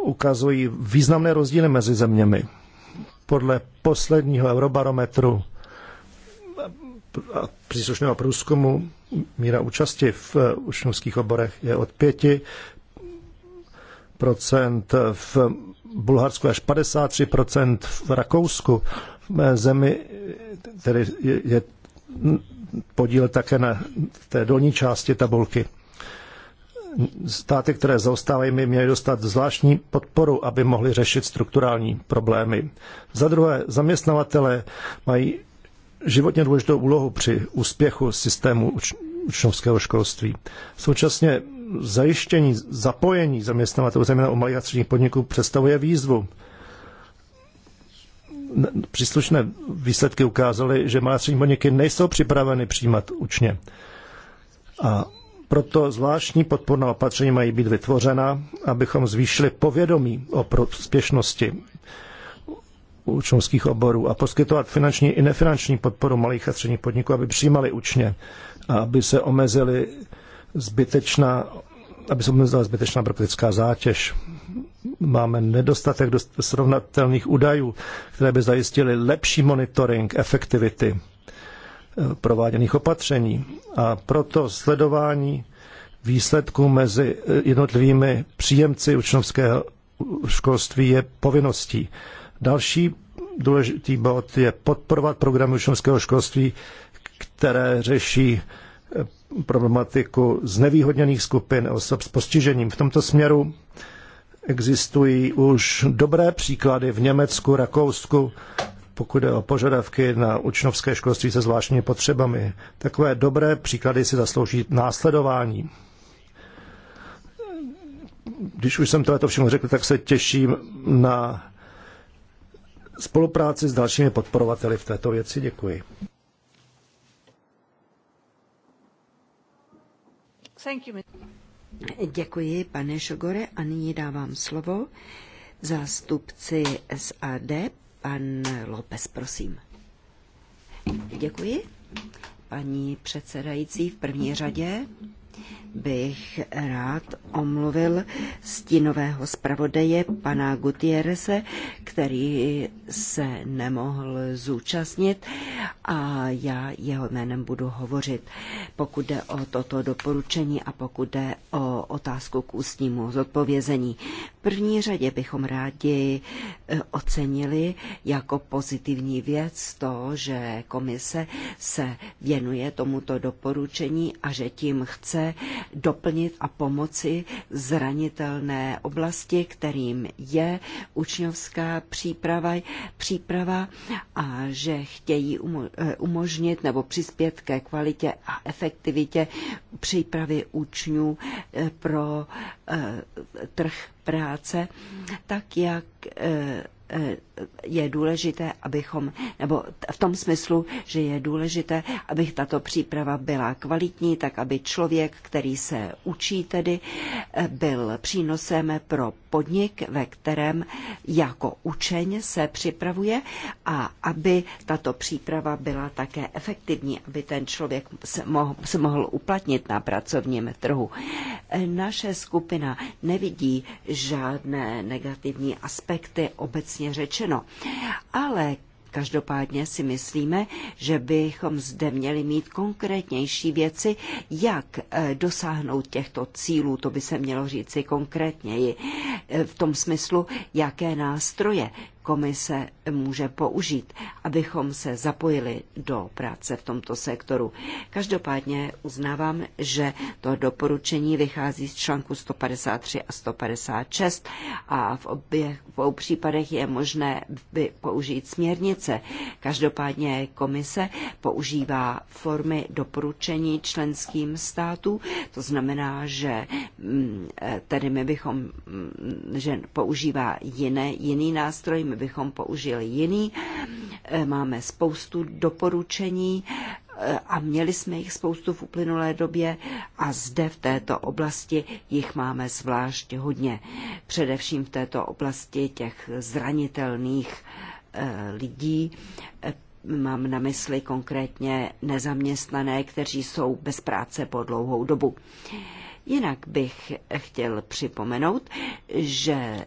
ukazují významné rozdíly mezi zeměmi. Podle posledního eurobarometru a příslušného průzkumu míra účasti v učňovských oborech je od 5 v Bulharsku až 53 v Rakousku. V mé zemi tedy je, je podíl také na té dolní části tabulky. Státy, které zaostávají, by měly dostat zvláštní podporu, aby mohly řešit strukturální problémy. Za druhé, zaměstnavatele mají životně důležitou úlohu při úspěchu systému uč- učňovského školství. Současně zajištění, zapojení zaměstnavatelů, zejména u malých a středních podniků, představuje výzvu příslušné výsledky ukázaly, že malé střední podniky nejsou připraveny přijímat učně. A proto zvláštní podporná opatření mají být vytvořena, abychom zvýšili povědomí o prospěšnosti učňovských oborů a poskytovat finanční i nefinanční podporu malých a středních podniků, aby přijímali učně a aby se omezily zbytečná aby se omezila zbytečná byrokratická zátěž máme nedostatek srovnatelných údajů, které by zajistily lepší monitoring efektivity eh, prováděných opatření. A proto sledování výsledků mezi eh, jednotlivými příjemci učňovského školství je povinností. Další důležitý bod je podporovat programy učňovského školství, které řeší eh, problematiku znevýhodněných skupin osob s postižením. V tomto směru Existují už dobré příklady v Německu, Rakousku, pokud jde o požadavky na učňovské školství se zvláštními potřebami. Takové dobré příklady si zaslouží následování. Když už jsem to všechno řekl, tak se těším na spolupráci s dalšími podporovateli v této věci. Děkuji. Thank you. Děkuji, pane Šogore, a nyní dávám slovo zástupci SAD, pan López, prosím. Děkuji, paní předsedající, v první řadě bych rád omluvil stínového zpravodaje pana Gutierese, který se nemohl zúčastnit a já jeho jménem budu hovořit, pokud jde o toto doporučení a pokud jde o otázku k ústnímu zodpovězení. V první řadě bychom rádi eh, ocenili jako pozitivní věc to, že komise se věnuje tomuto doporučení a že tím chce chce doplnit a pomoci zranitelné oblasti, kterým je učňovská příprava, příprava a že chtějí eh, umožnit nebo přispět ke kvalitě a efektivitě přípravy učňů eh, pro eh, trh práce, tak jak je důležité, abychom, nebo v tom smyslu, že je důležité, aby tato příprava byla kvalitní, tak aby člověk, který se učí tedy, byl přínosem pro podnik, ve kterém jako učeň se připravuje a aby tato příprava byla také efektivní, aby ten člověk se mohl, se mohl uplatnit na pracovním trhu. Naše skupina nevidí žádné negativní aspekty obecně obecně řečeno. Ale Každopádně si myslíme, že bychom zde měli mít konkrétnější věci, jak eh, dosáhnout těchto cílů, to by se mělo říci konkrétněji, eh, v tom smyslu, jaké nástroje komise může použít, abychom se zapojili do práce v tomto sektoru. Každopádně uznávám, že to doporučení vychází z článku 153 a 156 a v obě v obou případech je možné použít směrnice. Každopádně komise používá formy doporučení členským států, to znamená, že mm, e, tedy my bychom, mm, že používá jiné, jiný nástroj, my bychom použili jiný. Eh, máme spoustu doporučení eh, a měli jsme jich spoustu v uplynulé době a zde v této oblasti jich máme zvlášť hodně. Především v této oblasti těch zranitelných eh, lidí, mám na mysli konkrétně nezaměstnané, kteří jsou bez práce po dlouhou dobu. Jinak bych chtěl připomenout, že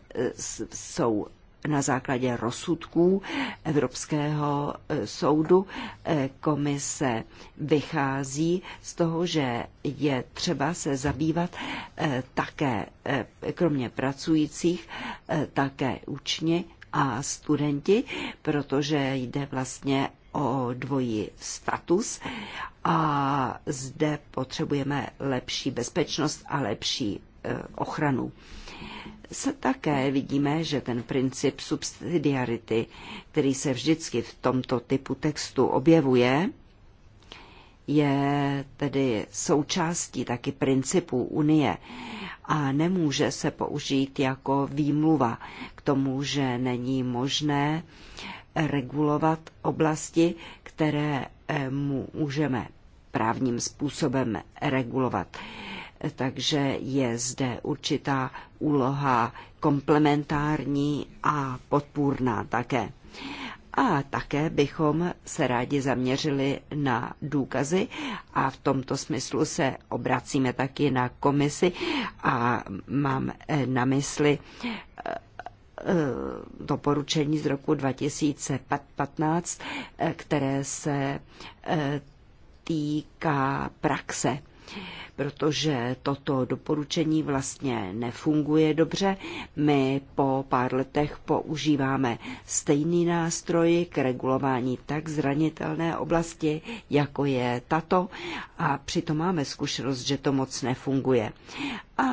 jsou na základě rozsudků Evropského eh, soudu eh, komise vychází z toho, že je třeba se zabývat eh, také, kromě pracujících, také učni a studenti, protože jde vlastně o dvojí status a zde potřebujeme lepší bezpečnost a lepší ochranu také vidíme, že ten princip subsidiarity, který se vždycky v tomto typu textu objevuje, je tedy součástí taky principů Unie a nemůže se použít jako výmluva k tomu, že není možné regulovat oblasti, které eh, můžeme právním způsobem regulovat takže je zde určitá úloha komplementární a podpůrná také. A také bychom se rádi zaměřili na důkazy a v tomto smyslu se obracíme taky na komisi a mám eh, na mysli doporučení eh, eh, z roku 2015, které se týká praxe protože toto doporučení vlastně nefunguje dobře. My po pár letech používáme stejný nástroj k regulování tak zranitelné oblasti, jako je tato a přitom máme zkušenost, že to moc nefunguje. A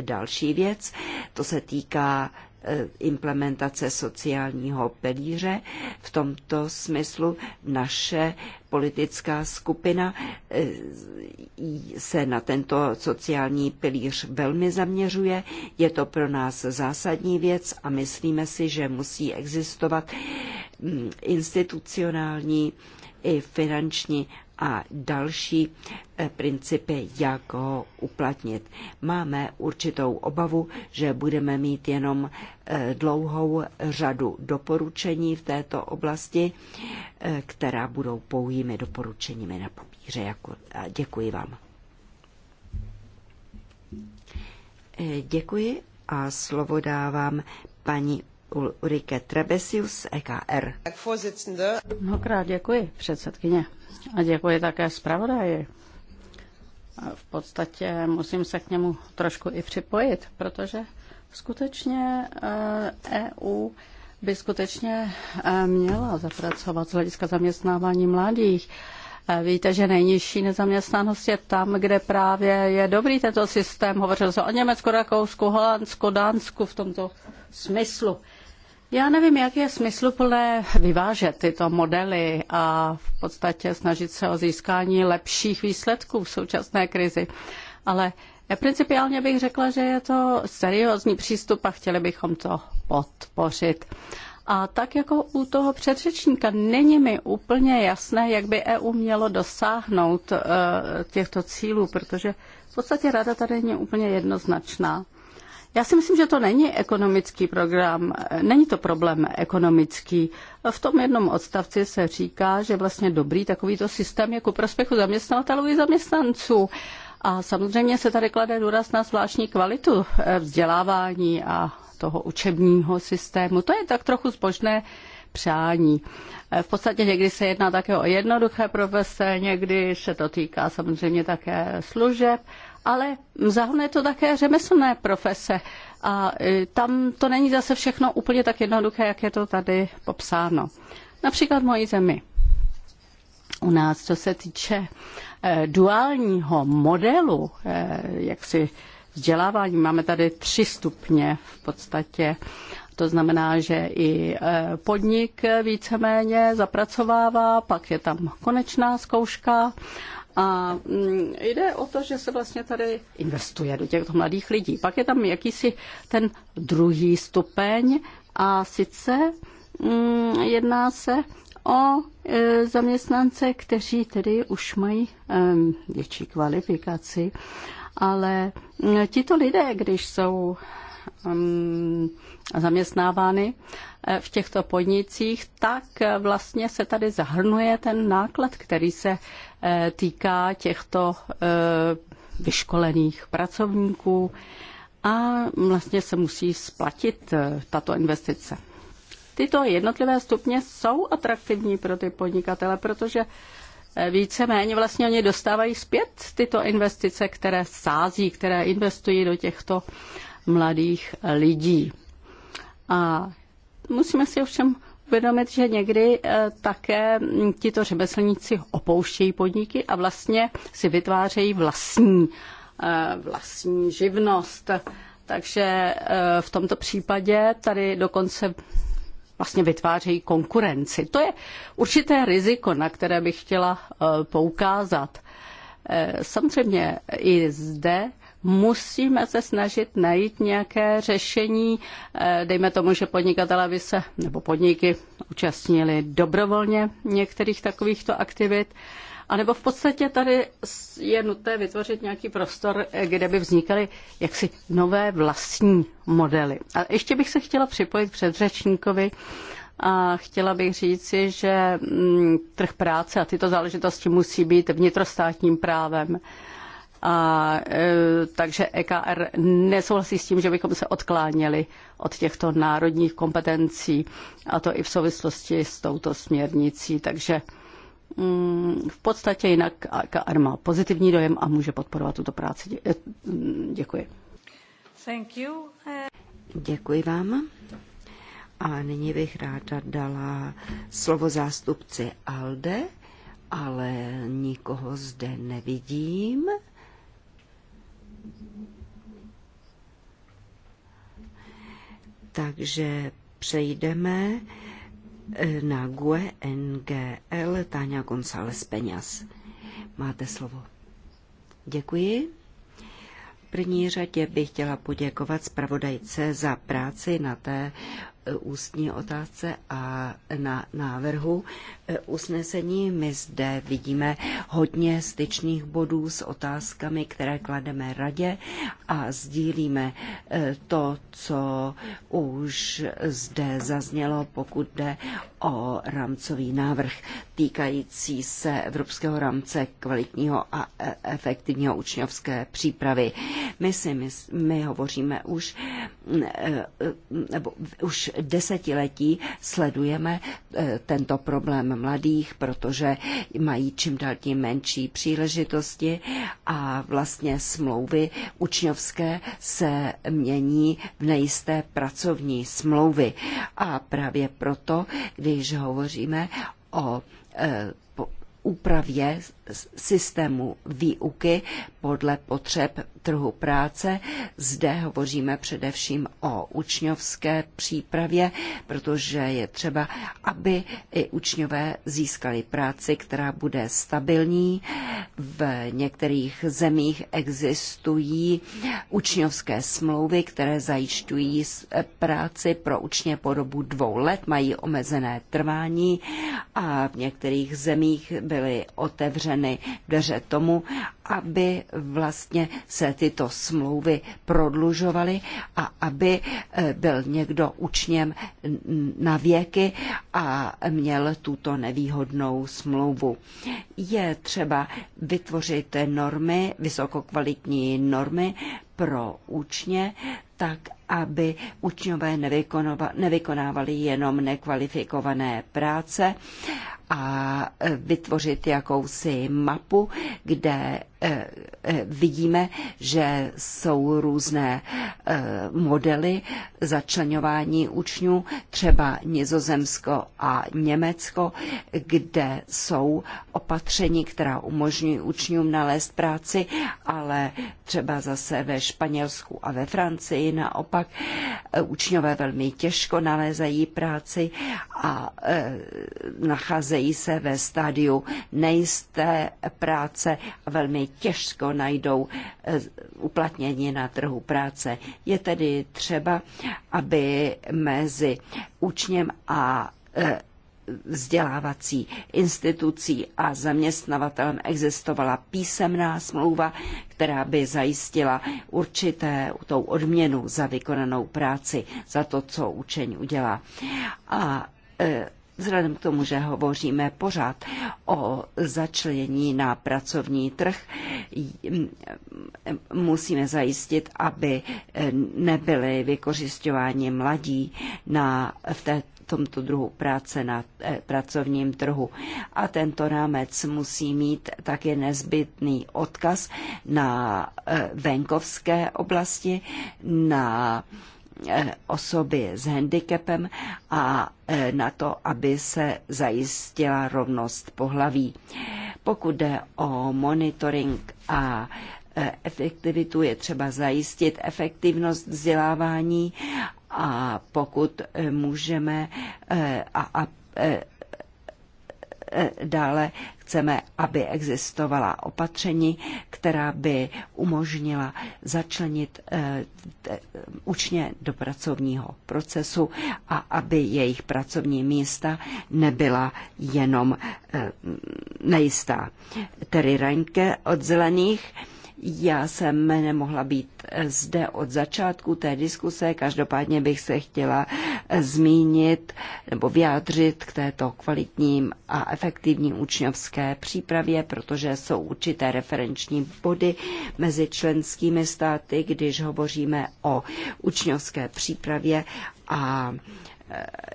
další věc, to se týká E, implementace sociálního pilíře. V tomto smyslu naše politická skupina e, se na tento sociální pilíř velmi zaměřuje. Je to pro nás zásadní věc a myslíme si, že musí existovat institucionální i finanční a další eh, principy, jak ho uplatnit. Máme určitou obavu, že budeme mít jenom eh, dlouhou řadu doporučení v této oblasti, eh, která budou pouhými doporučeními na papíře. Jako, děkuji vám. Děkuji a slovo dávám paní Ulrike Trebesius, EKR. Mnohokrát děkuji, předsedkyně. A děkuji také zpravodaji. V podstatě musím se k němu trošku i připojit, protože skutečně EU eh, e by skutečně eh, měla zapracovat z hlediska zaměstnávání mladých. Eh, víte, že nejnižší nezaměstnanost je tam, kde právě je dobrý tento systém. Hovořil se o Německu, Rakousku, Holandsku, Dánsku v tomto smyslu. Já nevím, jak je smysluplné vyvážet tyto modely a v podstatě snažit se o získání lepších výsledků v současné krizi. Ale principiálně bych řekla, že je to seriózní přístup a chtěli bychom to podpořit. A tak jako u toho předřečníka není mi úplně jasné, jak by EU mělo dosáhnout eh, těchto cílů, protože v podstatě rada tady není úplně jednoznačná. Já si myslím, že to není ekonomický program, není to problém ekonomický. V tom jednom odstavci se říká, že vlastně dobrý takovýto systém je ku prospěchu zaměstnatelů i zaměstnanců. A samozřejmě se tady klade důraz na zvláštní kvalitu eh, vzdělávání a toho učebního systému. To je tak trochu zbožné přání. Eh, v podstatě někdy se jedná také o jednoduché profese, někdy se to týká samozřejmě také služeb ale zahrnuje to také řemeslné profese. A e, tam to není zase všechno úplně tak jednoduché, jak je to tady popsáno. Například moji zemi. U nás, co se týče eh, duálního modelu, eh, jak si vzdělávání, máme tady tři stupně v podstatě. To znamená, že i e, podnik víceméně zapracovává, pak je tam konečná zkouška a mm, jde o to, že se vlastně tady investuje do těchto mladých lidí. Pak je tam jakýsi ten druhý stupeň a sice mm, jedná se o e, zaměstnance, kteří tedy už mají větší kvalifikaci, ale mm, tito lidé, když jsou Um, zaměstnávány eh, v těchto podnicích, tak eh, vlastně se tady zahrnuje ten náklad, který se eh, týká těchto vyškolených pracovníků a vlastně se musí splatit tato investice. Tyto jednotlivé stupně jsou atraktivní pro ty podnikatele, protože víceméně vlastně oni dostávají zpět tyto investice, které sází, které investují do těchto mladých lidí. A musíme si ovšem uvědomit, že někdy eh, také hm, tito řemeslníci opouštějí podniky a vlastně si vytvářejí vlastní, eh, vlastní živnost. Takže eh, v tomto případě tady dokonce vlastně vytvářejí konkurenci. To je určité riziko, na které bych chtěla poukázat. Samozřejmě i zde musíme se snažit najít nějaké řešení. Eh, dejme tomu, že podnikatelé by se, nebo podniky účastnili dobrovolně některých takovýchto aktivit. A nebo v podstatě tady je nutné vytvořit nějaký prostor, eh, kde by vznikaly jaksi nové vlastní modely. A ještě bych se chtěla připojit předřečníkovi a chtěla bych říci, že mm, trh práce a tyto záležitosti musí být vnitrostátním právem. A, e, takže EKR nesouhlasí s tím, že bychom se odkláněli od těchto národních kompetencí, a to i v souvislosti s touto směrnicí. Takže mm, v podstatě jinak EKR má pozitivní dojem a může podporovat tuto práci. E, mm, děkuji. Thank you. Děkuji vám. A nyní bych ráda dala slovo zástupci ALDE, ale nikoho zde nevidím. Takže přejdeme e, na GUE NGL Táňa González Peňas. Máte slovo. Děkuji. V první řadě bych chtěla poděkovat zpravodajce za práci na té Eh, ústní otázce a na návrhu eh, usnesení. My zde vidíme hodně styčných bodů s otázkami, které klademe radě a sdílíme eh, to, co už zde zaznělo, pokud jde o rámcový návrh týkající se Evropského rámce kvalitního a e, efektivního učňovské přípravy. My, si, my, my hovoříme už, e, e, nebo už desetiletí sledujeme tento problém mladých, protože mají čím dál tím menší příležitosti a vlastně smlouvy učňovské se mění v nejisté pracovní smlouvy. A právě proto, když hovoříme o Eh, úpravě systému výuky podle potřeb trhu práce. Zde hovoříme především o učňovské přípravě, protože je třeba, aby i učňové získali práci, která bude stabilní. V některých zemích existují učňovské smlouvy, které zajišťují práci pro učně po dobu dvou let, mají omezené trvání a v některých zemích byly otevřené otevřeny dveře tomu, aby vlastně se tyto smlouvy prodlužovaly a aby eh, byl někdo učněm na věky a měl tuto nevýhodnou smlouvu. Je třeba vytvořit normy, vysokokvalitní normy pro učně, tak aby učňové nevykonávali jenom nekvalifikované práce a vytvořit jakousi mapu, kde eh, eh, vidíme, že jsou různé eh, modely začlenování učňů, třeba Nizozemsko a Německo, kde jsou opatření, která umožňují učňům nalézt práci, ale třeba zase ve Španělsku a ve Francii naopak učňové velmi těžko nalézají práci a nacházejí nacházejí se ve stádiu nejisté práce a velmi těžko najdou eh, uplatnění na trhu práce. Je tedy třeba, aby mezi učněm a eh, vzdělávací institucí a zaměstnavatelem existovala písemná smlouva, která by zajistila určité tou odměnu za vykonanou práci, za to, co učeň udělá. A e, vzhledem k tomu, že hovoříme pořád o začlenění na pracovní trh, musíme zajistit, aby nebyly vykořišťováni mladí na, v té, tomto druhu práce na eh, pracovním trhu. A tento rámec musí mít také nezbytný odkaz na eh, venkovské oblasti, na Eh, osoby s handicapem a eh, na to, aby se zajistila rovnost pohlaví. Pokud jde o monitoring a eh, efektivitu, je třeba zajistit efektivnost vzdělávání a pokud můžeme a, a dále Chceme, aby existovala opatření, která by umožnila začlenit eh, eh, učně do pracovního procesu a aby jejich pracovní místa nebyla jenom eh, nejistá. Terry Reinke od Zelených já jsem nemohla být zde od začátku té diskuse, každopádně bych se chtěla zmínit nebo vyjádřit k této kvalitním a efektivní učňovské přípravě, protože jsou určité referenční body mezi členskými státy, když hovoříme o učňovské přípravě a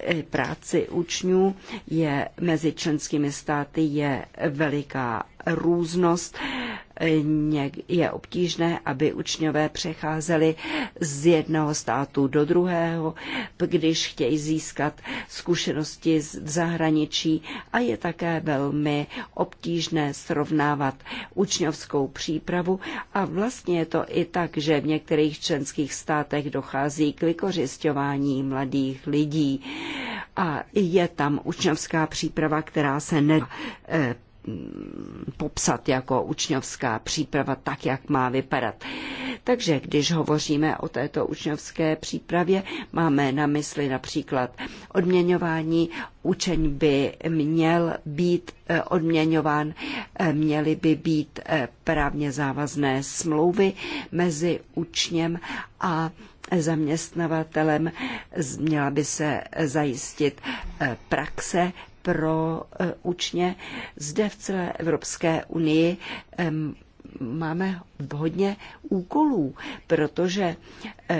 e, práci učňů je mezi členskými státy je veliká různost, je obtížné, aby učňové přecházeli z jednoho státu do druhého, když chtějí získat zkušenosti v zahraničí a je také velmi obtížné srovnávat učňovskou přípravu a vlastně je to i tak, že v některých členských státech dochází k vykořišťování mladých lidí a je tam učňovská příprava, která se ne popsat jako učňovská příprava tak, jak má vypadat. Takže když hovoříme o této učňovské přípravě, máme na mysli například odměňování. Učeň by měl být eh, odměňován, eh, měly by být eh, právně závazné smlouvy mezi učněm a zaměstnavatelem. Měla by se zajistit praxe pro učně eh, zde v celé Evropské unii máme hodně úkolů, protože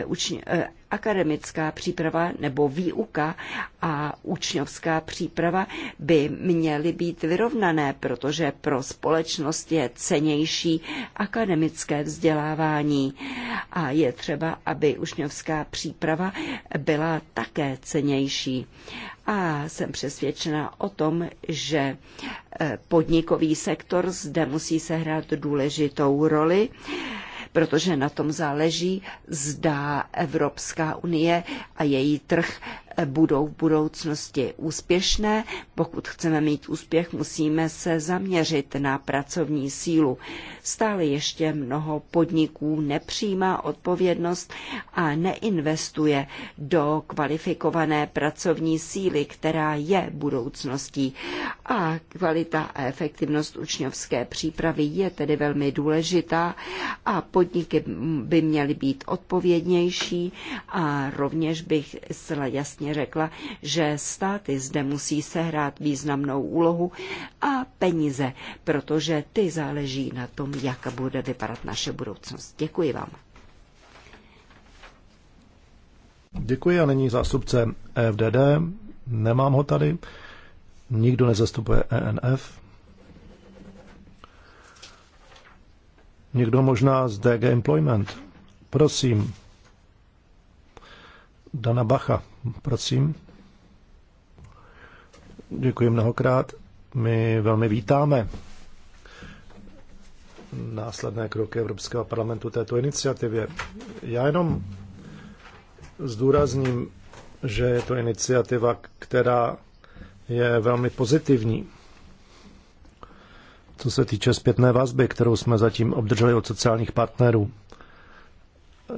učně, eh, eh, akademická příprava nebo výuka a učňovská příprava by měly být vyrovnané, protože pro společnost je cenější akademické vzdělávání a je třeba, aby učňovská příprava byla také cenější. A jsem přesvědčena o tom, že e, podnikový sektor zde musí sehrát důležitou roli protože na tom záleží, zda Evropská unie a její trh budou v budoucnosti úspěšné. Pokud chceme mít úspěch, musíme se zaměřit na pracovní sílu. Stále ještě mnoho podniků nepřijímá odpovědnost a neinvestuje do kvalifikované pracovní síly, která je budoucností. A kvalita a efektivnost učňovské přípravy je tedy velmi důležitá a podniky by měly být odpovědnější a rovněž bych zcela jasně jasně řekla, že státy zde musí sehrát významnou úlohu a peníze, protože ty záleží na tom, jak bude vypadat naše budoucnost. Děkuji vám. Děkuji a není zástupce EFDD, nemám ho tady, nikdo nezastupuje ENF. Někdo možná z DG Employment. Prosím. Dana Bacha. Prosím. Děkuji mnohokrát. My velmi vítáme následné kroky Evropského parlamentu této iniciativě. Já jenom zdůrazním, že je to iniciativa, která je velmi pozitivní. Co se týče zpětné vazby, kterou jsme zatím obdrželi od sociálních partnerů,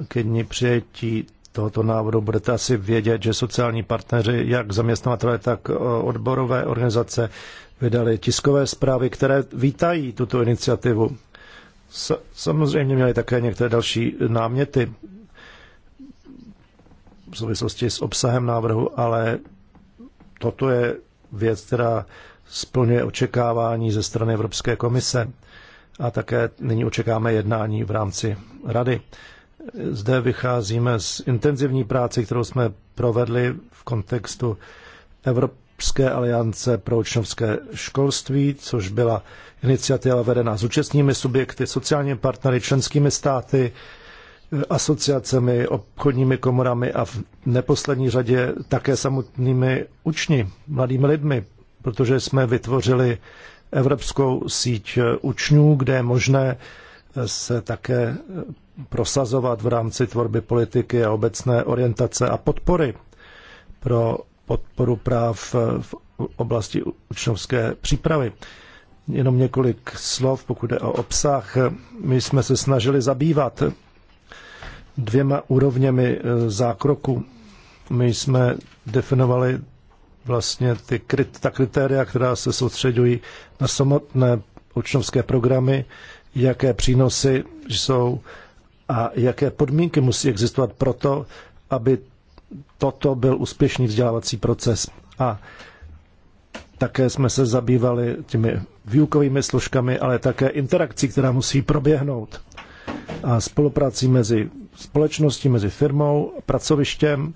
ke dní přijetí tohoto návodu budete asi vědět, že sociální partneři, jak zaměstnavatelé, tak eh, odborové organizace vydali tiskové zprávy, které vítají tuto iniciativu. Samozřejmě měli také některé další náměty v souvislosti s obsahem návrhu, ale toto je věc, která splňuje očekávání ze strany Evropské komise a také nyní očekáme jednání v rámci rady. Zde vycházíme z intenzivní práce, kterou jsme provedli v kontextu Evropské aliance pro učňovské školství, což byla iniciativa vedená s účastními subjekty, sociálními partnery, členskými státy, asociacemi, obchodními komorami a v neposlední řadě také samotnými učni, mladými lidmi, protože jsme vytvořili evropskou síť učňů, kde je možné se také prosazovat v rámci tvorby politiky a obecné orientace a podpory pro podporu práv v oblasti učňovské přípravy. Jenom několik slov, pokud jde o obsah. My jsme se snažili zabývat dvěma úrovněmi eh, zákroku. My jsme definovali vlastně ty, ta kritéria, která se soustředují na samotné učňovské programy, jaké přínosy jsou a jaké podmínky musí existovat pro to, aby toto byl úspěšný vzdělávací proces. A také jsme se zabývali těmi výukovými složkami, ale také interakcí, která musí proběhnout. A spoluprací mezi společností, mezi firmou, pracovištěm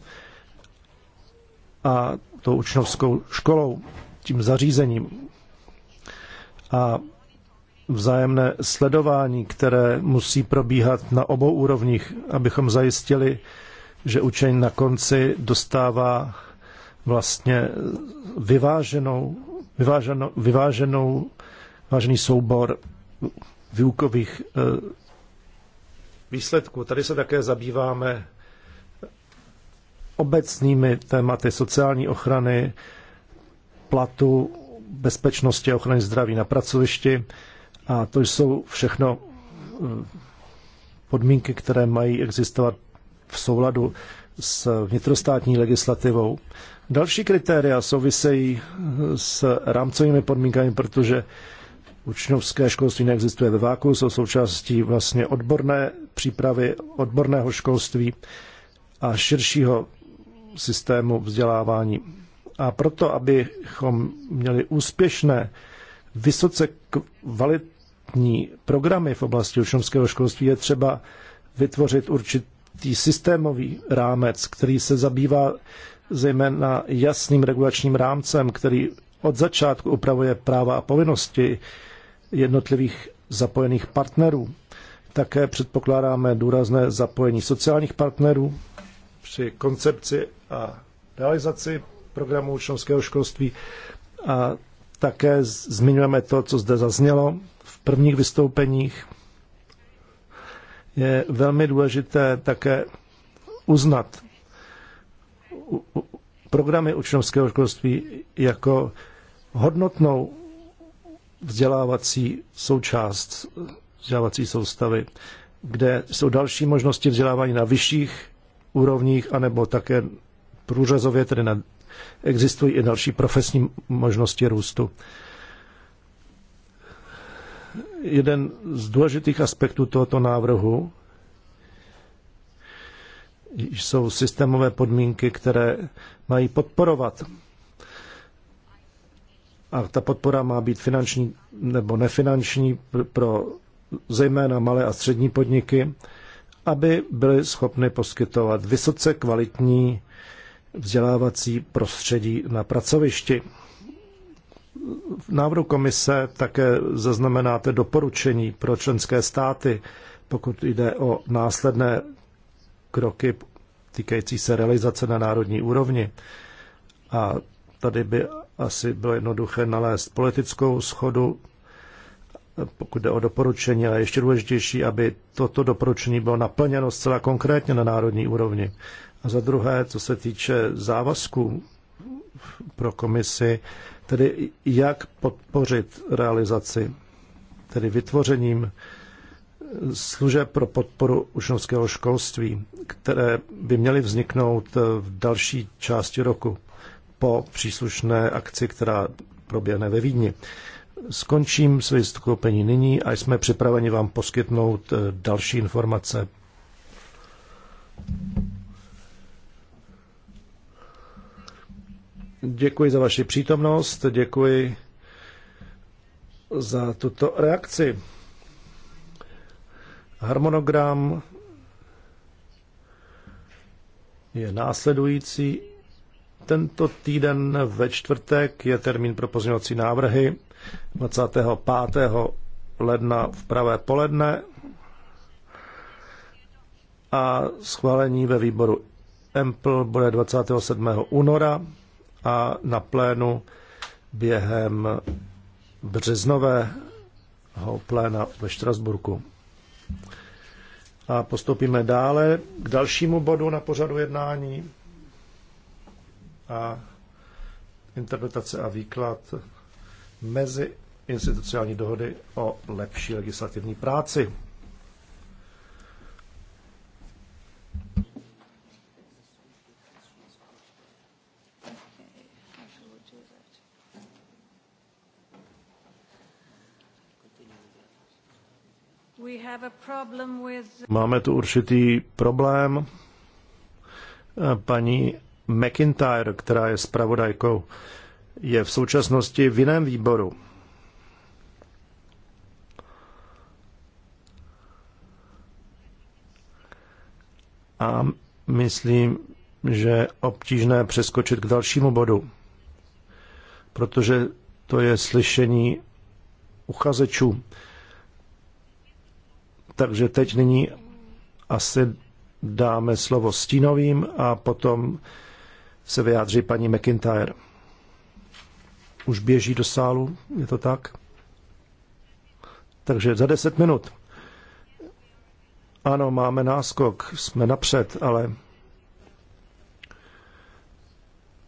a tou učňovskou školou, tím zařízením. A vzájemné sledování, které musí probíhat na obou úrovních, abychom zajistili, že učeň na konci dostává vlastně vyváženou, vyváženou, vyváženou vážený soubor výukových eh, výsledků. Tady se také zabýváme obecnými tématy sociální ochrany, platu, bezpečnosti a ochrany zdraví na pracovišti. A to jsou všechno eh, podmínky, které mají existovat v souladu s vnitrostátní legislativou. Další kritéria souvisejí eh, s rámcovými podmínkami, protože učňovské školství neexistuje ve váku, jsou součástí vlastně odborné přípravy, odborného školství a širšího systému vzdělávání. A proto, abychom měli úspěšné, vysoce kvalit, kvalitní programy v oblasti učňovského školství, je třeba vytvořit určitý systémový rámec, který se zabývá zejména jasným regulačním rámcem, který od začátku upravuje práva a povinnosti jednotlivých zapojených partnerů. Také předpokládáme důrazné zapojení sociálních partnerů při koncepci a realizaci programu učňovského školství a také zmiňujeme to, co zde zaznělo, prvních vystoupeních, je velmi důležité také uznat programy učňovského školství jako hodnotnou vzdělávací součást vzdělávací soustavy, kde jsou další možnosti vzdělávání na vyšších úrovních, anebo také průřezově, tedy na, existují i další profesní možnosti růstu jeden z důležitých aspektů tohoto návrhu jsou systémové podmínky, které mají podporovat. A ta podpora má být finanční nebo nefinanční pro zejména malé a střední podniky, aby byly schopny poskytovat vysoce kvalitní vzdělávací prostředí na pracovišti v návrhu komise také zaznamenáte doporučení pro členské státy, pokud jde o následné kroky týkající se realizace na národní úrovni. A tady by asi bylo jednoduché nalézt politickou schodu, pokud jde o doporučení, ale ještě důležitější, aby toto doporučení bylo naplněno zcela konkrétně na národní úrovni. A za druhé, co se týče závazků pro komisi, Tedy jak podpořit realizaci, tedy vytvořením služeb pro podporu učňovského školství, které by měly vzniknout v další části roku po příslušné akci, která proběhne ve Vídni. Skončím své vystoupení nyní a jsme připraveni vám poskytnout další informace. Děkuji za vaši přítomnost, děkuji za tuto reakci. Harmonogram je následující. Tento týden ve čtvrtek je termín pro pozměňovací návrhy 25. ledna v pravé poledne a schválení ve výboru EMPL bude 27. února a na plénu během březnového pléna ve Štrasburku. A postoupíme dále k dalšímu bodu na pořadu jednání a interpretace a výklad mezi institucionální dohody o lepší legislativní práci. Máme tu určitý problém. Eh, paní McIntyre, která je zpravodajkou, je v současnosti v jiném výboru. A myslím, že je obtížné přeskočit k dalšímu bodu, protože to je slyšení uchazečů. Takže teď nyní asi dáme slovo Stínovým a potom se vyjádří paní McIntyre. Už běží do sálu, je to tak? Takže za deset minut. Ano, máme náskok, jsme napřed, ale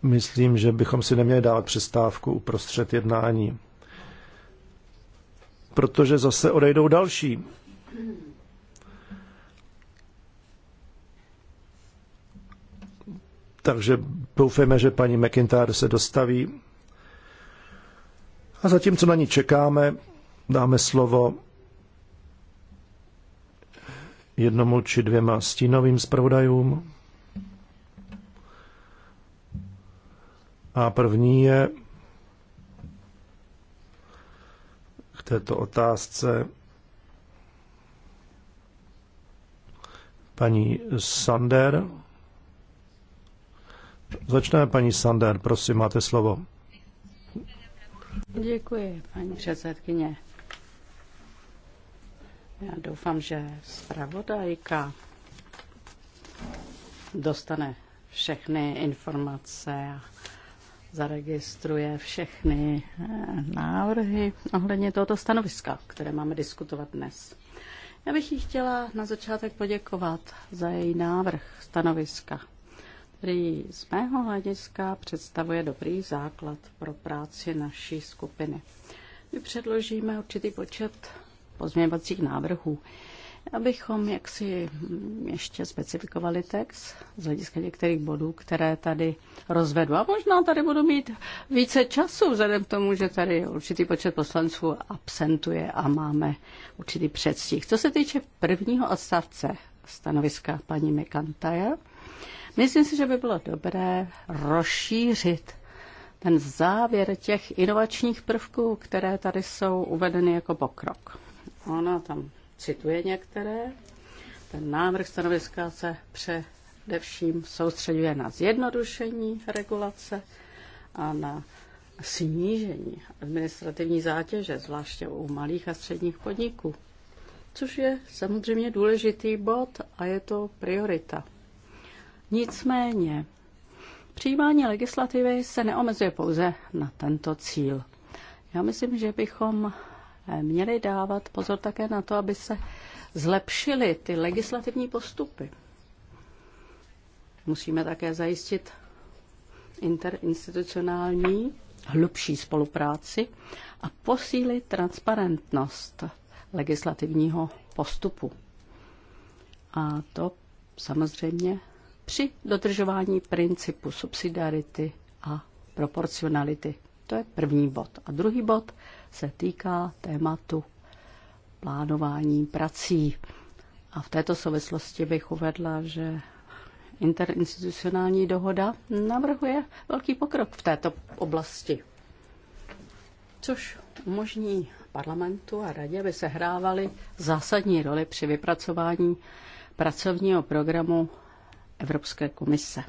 myslím, že bychom si neměli dávat přestávku uprostřed jednání. Protože zase odejdou další takže doufejme, že paní McIntyre se dostaví. A zatímco na ní čekáme, dáme slovo jednomu či dvěma stínovým zpravodajům. A první je k této otázce Paní Sander. Začneme paní Sander, prosím, máte slovo. Děkuji, paní předsedkyně. Já doufám, že zpravodajka dostane všechny informace a zaregistruje všechny eh, návrhy ohledně tohoto stanoviska, které máme diskutovat dnes. Já bych jí chtěla na začátek poděkovat za její návrh stanoviska, který z mého hlediska představuje dobrý základ pro práci naší skupiny. My předložíme určitý počet pozměňovacích návrhů abychom jaksi ještě specifikovali text z hlediska některých bodů, které tady rozvedu. A možná tady budu mít více času, vzhledem k tomu, že tady určitý počet poslanců absentuje a máme určitý předstih. Co se týče prvního odstavce stanoviska paní McIntyre, myslím si, že by bylo dobré rozšířit ten závěr těch inovačních prvků, které tady jsou uvedeny jako pokrok. Ona tam cituje některé. Ten návrh stanoviska se především soustředuje na zjednodušení regulace a na snížení administrativní zátěže, zvláště u malých a středních podniků, což je samozřejmě důležitý bod a je to priorita. Nicméně, přijímání legislativy se neomezuje pouze na tento cíl. Já myslím, že bychom měli dávat pozor také na to, aby se zlepšily ty legislativní postupy. Musíme také zajistit interinstitucionální hlubší spolupráci a posílit transparentnost legislativního postupu. A to samozřejmě při dodržování principu subsidiarity a proporcionality. To je první bod. A druhý bod se týká tématu plánování prací. A v této souvislosti bych uvedla, že interinstitucionální dohoda navrhuje velký pokrok v této oblasti, což umožní parlamentu a radě, aby se hrávaly zásadní roli při vypracování pracovního programu Evropské komise.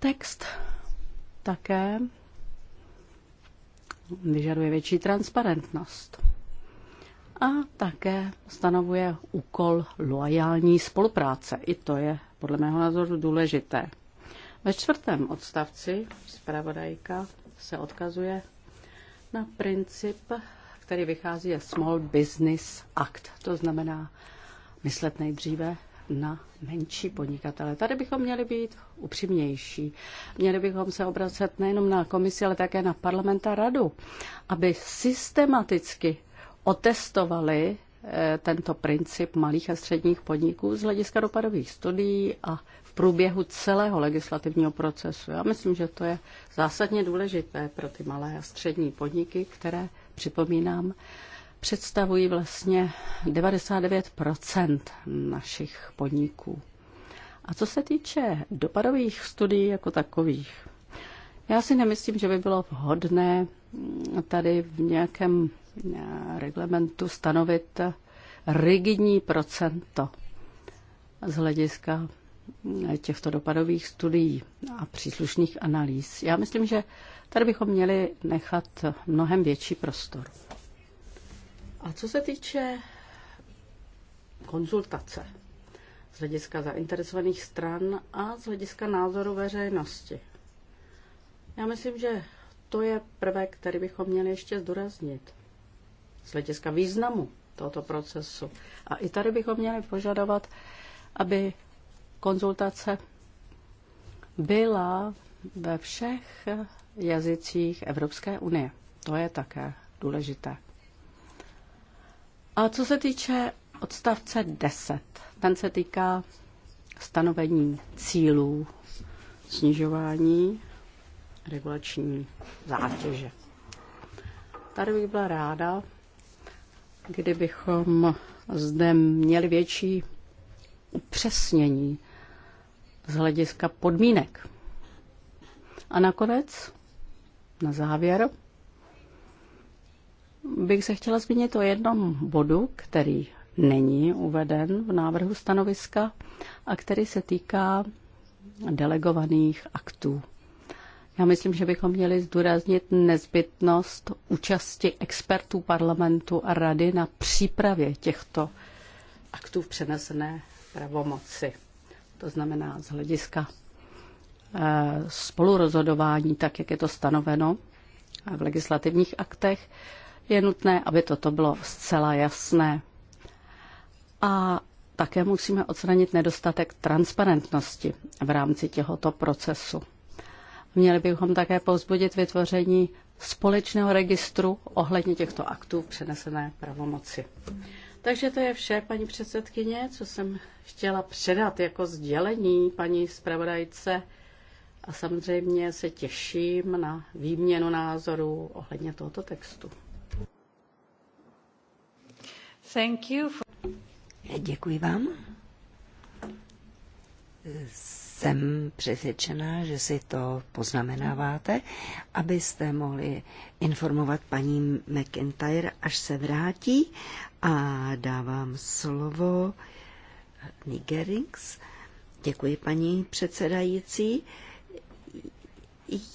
Text také vyžaduje větší transparentnost. A také stanovuje úkol loajální spolupráce. I to je podle mého názoru důležité. Ve čtvrtém odstavci zpravodajka se odkazuje na princip, který vychází z Small Business Act. To znamená myslet nejdříve na menší podnikatele. Tady bychom měli být upřímnější. Měli bychom se obracet nejenom na komisi, ale také na parlament a radu, aby systematicky otestovali eh, tento princip malých a středních podniků z hlediska dopadových studií a v průběhu celého legislativního procesu. Já myslím, že to je zásadně důležité pro ty malé a střední podniky, které, připomínám, představují vlastně 99 našich podniků. A co se týče dopadových studií jako takových, já si nemyslím, že by bylo vhodné tady v nějakém reglementu stanovit rigidní procento z hlediska těchto dopadových studií a příslušných analýz. Já myslím, že tady bychom měli nechat mnohem větší prostor. A co se týče konzultace z hlediska zainteresovaných stran a z hlediska názoru veřejnosti. Já myslím, že to je prvek, který bychom měli ještě zdůraznit z hlediska významu tohoto procesu. A i tady bychom měli požadovat, aby konzultace byla ve všech jazycích Evropské unie. To je také důležité. A co se týče odstavce 10, ten se týká stanovení cílů snižování regulační zátěže. Tady bych byla ráda, kdybychom zde měli větší upřesnění z hlediska podmínek. A nakonec, na závěr, bych se chtěla zmínit o jednom bodu, který není uveden v návrhu stanoviska a který se týká delegovaných aktů. Já myslím, že bychom měli zdůraznit nezbytnost účasti expertů parlamentu a rady na přípravě těchto aktů v přenesené pravomoci. To znamená z hlediska eh, spolurozhodování, tak jak je to stanoveno v legislativních aktech, je nutné, aby toto bylo zcela jasné. A také musíme odstranit nedostatek transparentnosti v rámci těchto procesu. Měli bychom také povzbudit vytvoření společného registru ohledně těchto aktů přenesené pravomoci. Takže to je vše, paní předsedkyně, co jsem chtěla předat jako sdělení paní zpravodajce. A samozřejmě se těším na výměnu názorů ohledně tohoto textu. Thank you for... Děkuji vám. Jsem přesvědčená, že si to poznamenáváte, abyste mohli informovat paní McIntyre, až se vrátí. A dávám slovo Nigerings. Děkuji, paní předsedající.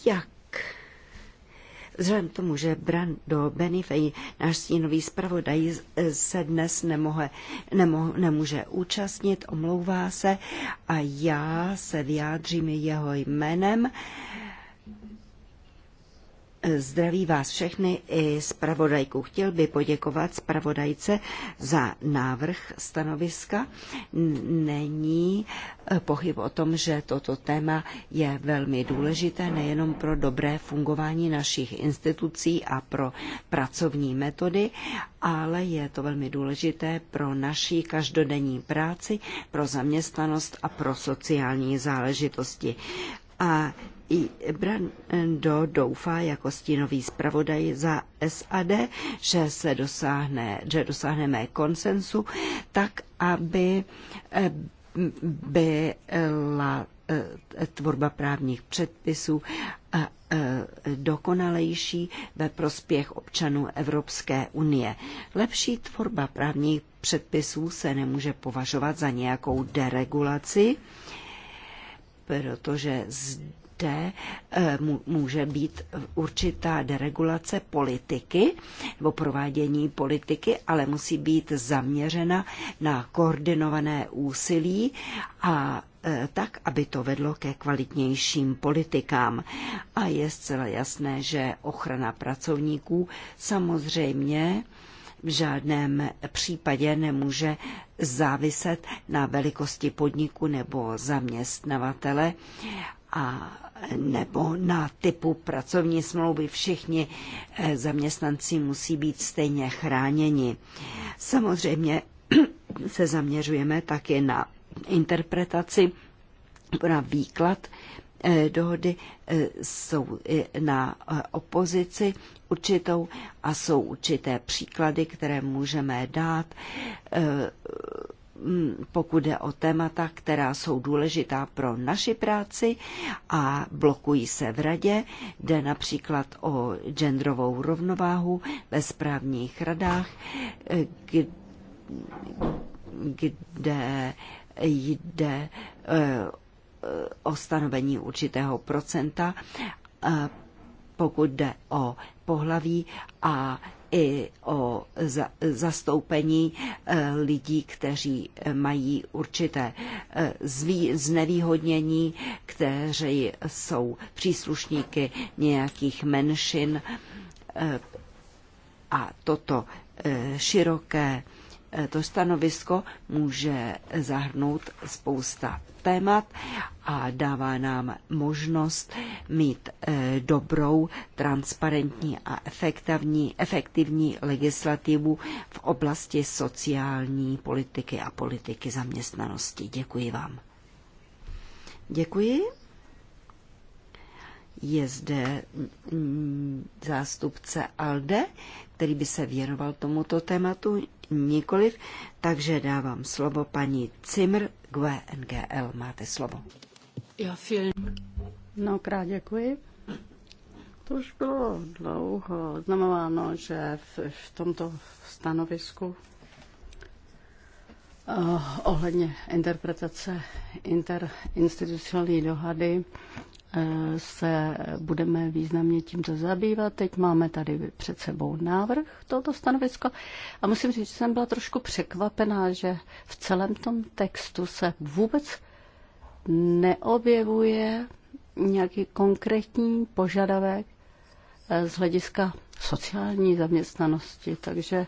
Jak Vzhledem k tomu, že Brando Benifej, náš stínový zpravodaj, se dnes nemohe, nemo, nemůže účastnit, omlouvá se a já se vyjádřím jeho jménem. Zdraví vás všechny i zpravodajku. Chtěl by poděkovat zpravodajce za návrh stanoviska. Není eh, pochyb o tom, že toto téma je velmi důležité nejenom pro dobré fungování našich institucí a pro pracovní metody, ale je to velmi důležité pro naší každodenní práci, pro zaměstnanost a pro sociální záležitosti. A i Brando doufá jako stínový zpravodaj za SAD, že se dosáhne, že dosáhneme konsensu, tak aby eh, byla eh, tvorba právních předpisů eh, dokonalejší ve prospěch občanů Evropské unie. Lepší tvorba právních předpisů se nemůže považovat za nějakou deregulaci, protože kde eh, může být určitá deregulace politiky nebo provádění politiky, ale musí být zaměřena na koordinované úsilí a eh, tak, aby to vedlo ke kvalitnějším politikám. A je zcela jasné, že ochrana pracovníků samozřejmě v žádném případě nemůže záviset na velikosti podniku nebo zaměstnavatele a nebo na typu pracovní smlouvy všichni eh, zaměstnanci musí být stejně chráněni. Samozřejmě se zaměřujeme také na interpretaci, na výklad eh, dohody eh, jsou na opozici určitou a jsou určité příklady, které můžeme dát Mm, pokud jde o témata, která jsou důležitá pro naši práci a blokují se v radě. Jde například o genderovou rovnováhu ve správních radách, eh, kde jde eh, o stanovení určitého procenta, eh, pokud jde o pohlaví a i o zastoupení eh, lidí, kteří eh, mají určité eh, znevýhodnění, kteří jsou příslušníky nějakých menšin. A toto široké Eh, to stanovisko může zahrnout spousta témat a dává nám možnost mít eh, dobrou, transparentní a efektivní, efektivní legislativu v oblasti sociální politiky a politiky zaměstnanosti. Děkuji vám. Děkuji. Je zde mm, zástupce ALDE, který by se věnoval tomuto tématu. Nikoliv, takže dávám slovo paní Cimr GNGL. Máte slovo. Já film. No, krát děkuji. To už bylo dlouho oznamováno, že v, v tomto stanovisku uh, ohledně interpretace interinstitucionální dohady se budeme významně tímto zabývat. Teď máme tady před sebou návrh tohoto stanoviska a musím říct, že jsem byla trošku překvapená, že v celém tom textu se vůbec neobjevuje nějaký konkrétní požadavek eh, z hlediska sociální zaměstnanosti, takže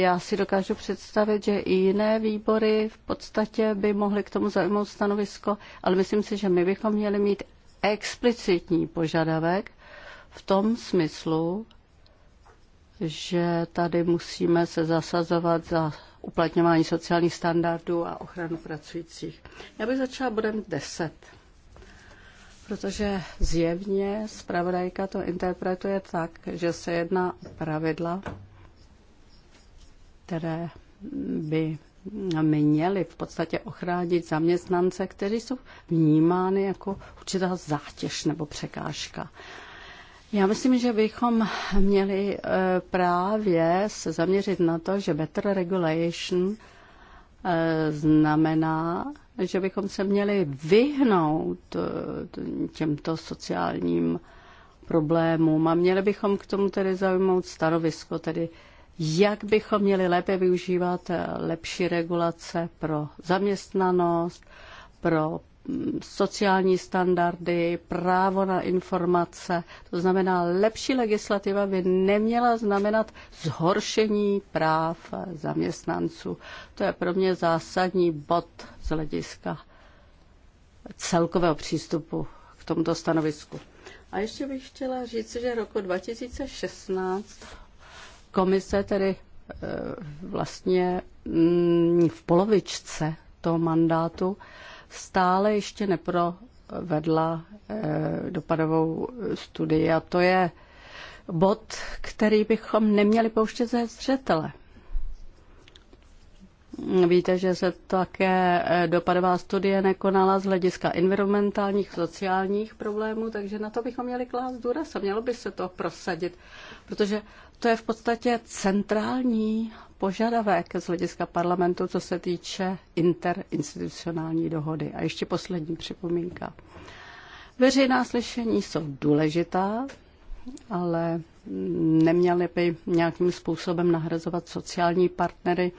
já si dokážu představit, že i jiné výbory v podstatě by mohly k tomu zajmout stanovisko, ale myslím si, že my bychom měli mít explicitní požadavek v tom smyslu, že tady musíme se zasazovat za uplatňování sociálních standardů a ochranu pracujících. Já bych začala bodem 10, protože zjevně zpravodajka to interpretuje tak, že se jedná o pravidla, které by měly v podstatě ochránit zaměstnance, kteří jsou vnímány jako určitá zátěž nebo překážka. Já myslím, že bychom měli e, právě se zaměřit na to, že better regulation e, znamená, že bychom se měli vyhnout e, těmto sociálním problémům a měli bychom k tomu tedy zaujmout stanovisko, tedy jak bychom měli lépe využívat eh, lepší regulace pro zaměstnanost, pro mm, sociální standardy, právo na informace. To znamená, lepší legislativa by neměla znamenat zhoršení práv eh, zaměstnanců. To je pro mě zásadní bod z hlediska celkového přístupu k tomuto stanovisku. A ještě bych chtěla říct, že roku 2016 Komise tedy e, vlastně mm, v polovičce toho mandátu stále ještě neprovedla e, dopadovou studii a to je bod, který bychom neměli pouštět ze zřetele. Víte, že se také e, dopadová studie nekonala z hlediska environmentálních, sociálních problémů, takže na to bychom měli klást důraz a mělo by se to prosadit, protože to je v podstatě centrální požadavek z hlediska parlamentu, co se týče interinstitucionální dohody. A ještě poslední připomínka. Veřejná slyšení jsou důležitá, ale neměly by nějakým způsobem nahrazovat sociální partnery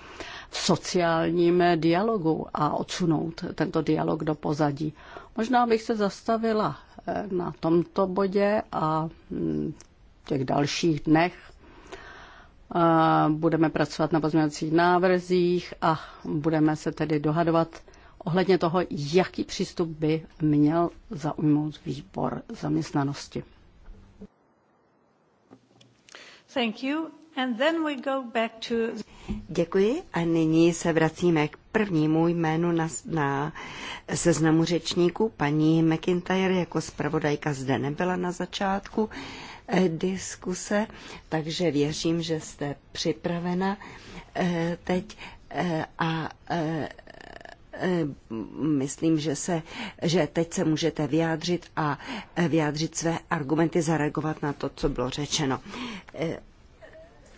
v sociálním dialogu a odsunout tento dialog do pozadí. Možná bych se zastavila eh, na tomto bodě a mm, v těch dalších dnech eh, budeme pracovat na pozměňovacích návrzích a budeme se tedy dohadovat ohledně toho, jaký přístup by měl zaujmout výbor zaměstnanosti. Thank you. Děkuji a nyní se vracíme k prvnímu jménu na, na seznamu řečníků. Paní McIntyre jako zpravodajka zde nebyla na začátku eh, diskuse, takže věřím, že jste připravena eh, teď eh, a myslím, že, se, že teď se můžete vyjádřit a vyjádřit své argumenty, zareagovat na to, co bylo řečeno.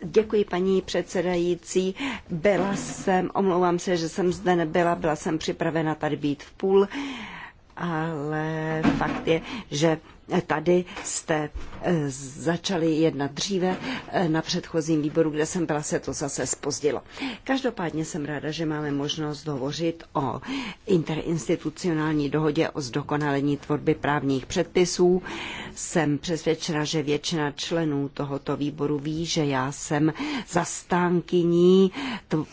Děkuji, paní předsedající. Byla jsem, omlouvám se, že jsem zde nebyla, byla jsem připravena tady být v půl, ale fakt je, že tady jste eh, začali jednat dříve eh, na předchozím výboru, kde jsem byla, se to zase spozdilo. Každopádně jsem ráda, že máme možnost hovořit o interinstitucionální dohodě o zdokonalení tvorby právních předpisů. Jsem přesvědčena, že většina členů tohoto výboru ví, že já jsem zastánkyní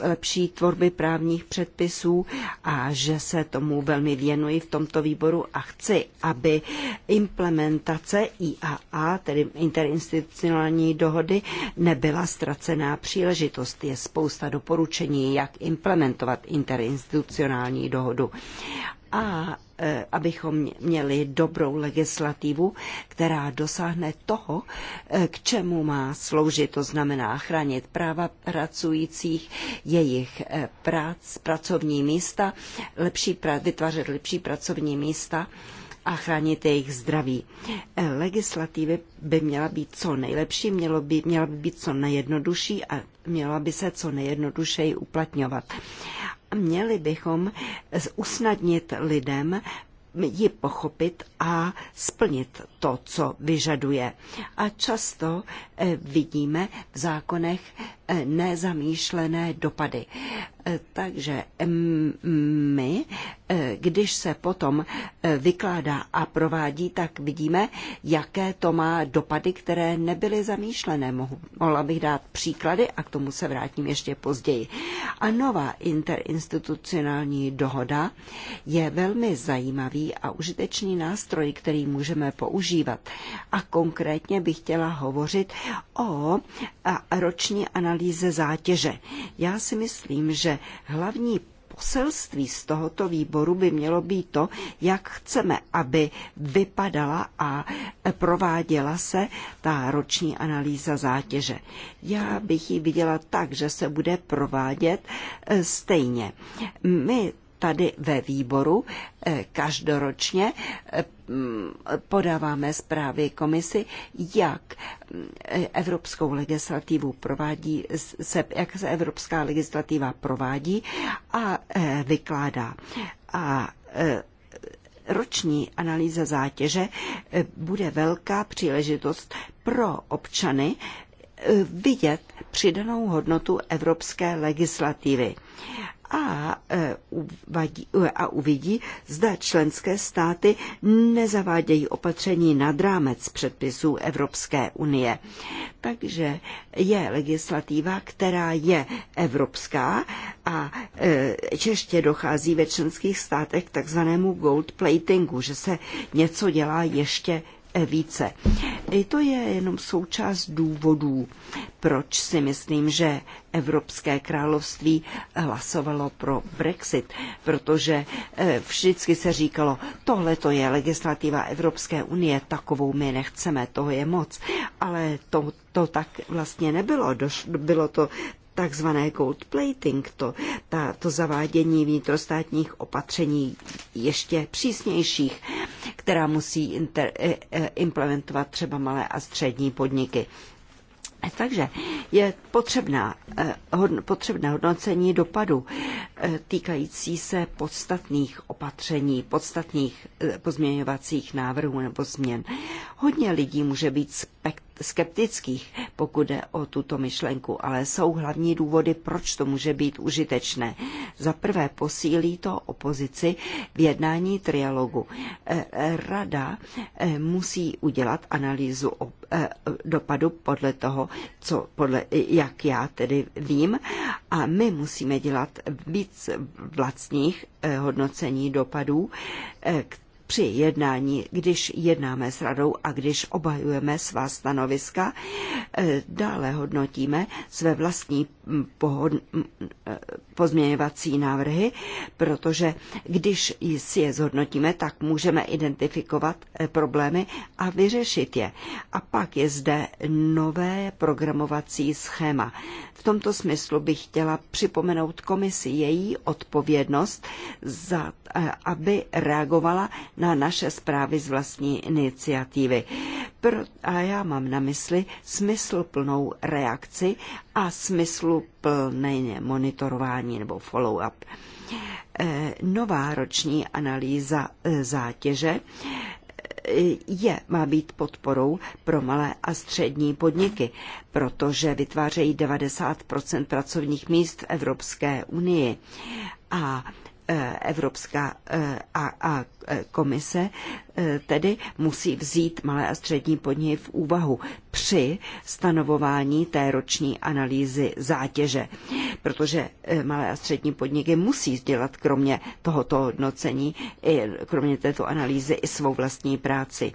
lepší tvorby právních předpisů a že se tomu velmi věnuji v tomto výboru a chci, aby implementace implementace IAA, tedy interinstitucionální dohody, nebyla ztracená příležitost. Je spousta doporučení, jak implementovat interinstitucionální dohodu. A e, abychom měli dobrou legislativu, která dosáhne toho, e, k čemu má sloužit, to znamená chránit práva pracujících, jejich e, prác, pracovní místa, lepší, vytvářet lepší pracovní místa a chránit jejich zdraví. Eh, legislativy by měla být co nejlepší, mělo by, měla by být co nejjednodušší a měla by se co nejjednodušeji uplatňovat. Měli bychom usnadnit lidem ji pochopit a splnit to, co vyžaduje. A často eh, vidíme v zákonech Eh, nezamýšlené dopady. Eh, takže my, eh, když se potom vykládá a provádí, tak vidíme, jaké to má dopady, které nebyly zamýšlené. Mohla bych dát příklady a k tomu se vrátím ještě později. A nová interinstitucionální dohoda je velmi zajímavý a užitečný nástroj, který můžeme používat. A konkrétně bych chtěla hovořit o roční analýze analýze zátěže. Já si myslím, že hlavní poselství z tohoto výboru by mělo být to, jak chceme, aby vypadala a prováděla se ta roční analýza zátěže. Já bych ji viděla tak, že se bude provádět e, stejně. My tady ve výboru eh, každoročně eh, mm, podáváme zprávy komisi, jak mm, eh, evropskou legislativu provádí, se, jak se evropská legislativa provádí a vykládá. A roční analýza zátěže bude velká příležitost pro občany vidět přidanou hodnotu evropské legislativy a, e, uvadí, e, a uvidí, zda členské státy nezavádějí opatření nad rámec předpisů Evropské unie. Takže je legislativa, která je evropská a e, čeště dochází ve členských státech k takzvanému gold platingu, že se něco dělá ještě E, více. I to je jenom součást důvodů, proč si myslím, že Evropské království hlasovalo pro Brexit, protože e, vždycky se říkalo, tohle to je legislativa Evropské unie, takovou my nechceme, toho je moc. Ale to, to tak vlastně nebylo. bylo to takzvané gold plating, to, ta, to zavádění vnitrostátních opatření ještě přísnějších, která musí inter, eh, eh, implementovat třeba malé a střední podniky. Takže je potřebná, eh, potřebné hodnocení dopadu týkající se podstatných opatření, podstatných pozměňovacích návrhů nebo změn. Hodně lidí může být skeptických, pokud jde o tuto myšlenku, ale jsou hlavní důvody, proč to může být užitečné. Za prvé posílí to opozici v jednání trialogu. E, rada e, musí udělat analýzu e, dopadu podle toho, co, podle, jak já tedy vím, a my musíme dělat víc vlastních hodnocení dopadů, které při jednání, když jednáme s radou a když obhajujeme svá stanoviska, eh, dále hodnotíme své vlastní pohod pozměňovací návrhy, protože když si je zhodnotíme, tak můžeme identifikovat eh, problémy a vyřešit je. A pak je zde nové programovací schéma. V tomto smyslu bych chtěla připomenout komisi její odpovědnost, za, eh, aby reagovala na naše zprávy z vlastní iniciativy. Pro, a já mám na mysli smysl plnou reakci a smysluplné monitorování nebo follow-up. E, nová roční analýza e, zátěže e, je, má být podporou pro malé a střední podniky, protože vytvářejí 90 pracovních míst v Evropské unii. A Evropská a, a komise E, tedy musí vzít malé a střední podniky v úvahu při stanovování té roční analýzy zátěže, protože e, malé a střední podniky musí dělat kromě tohoto hodnocení, i, kromě této analýzy i svou vlastní práci.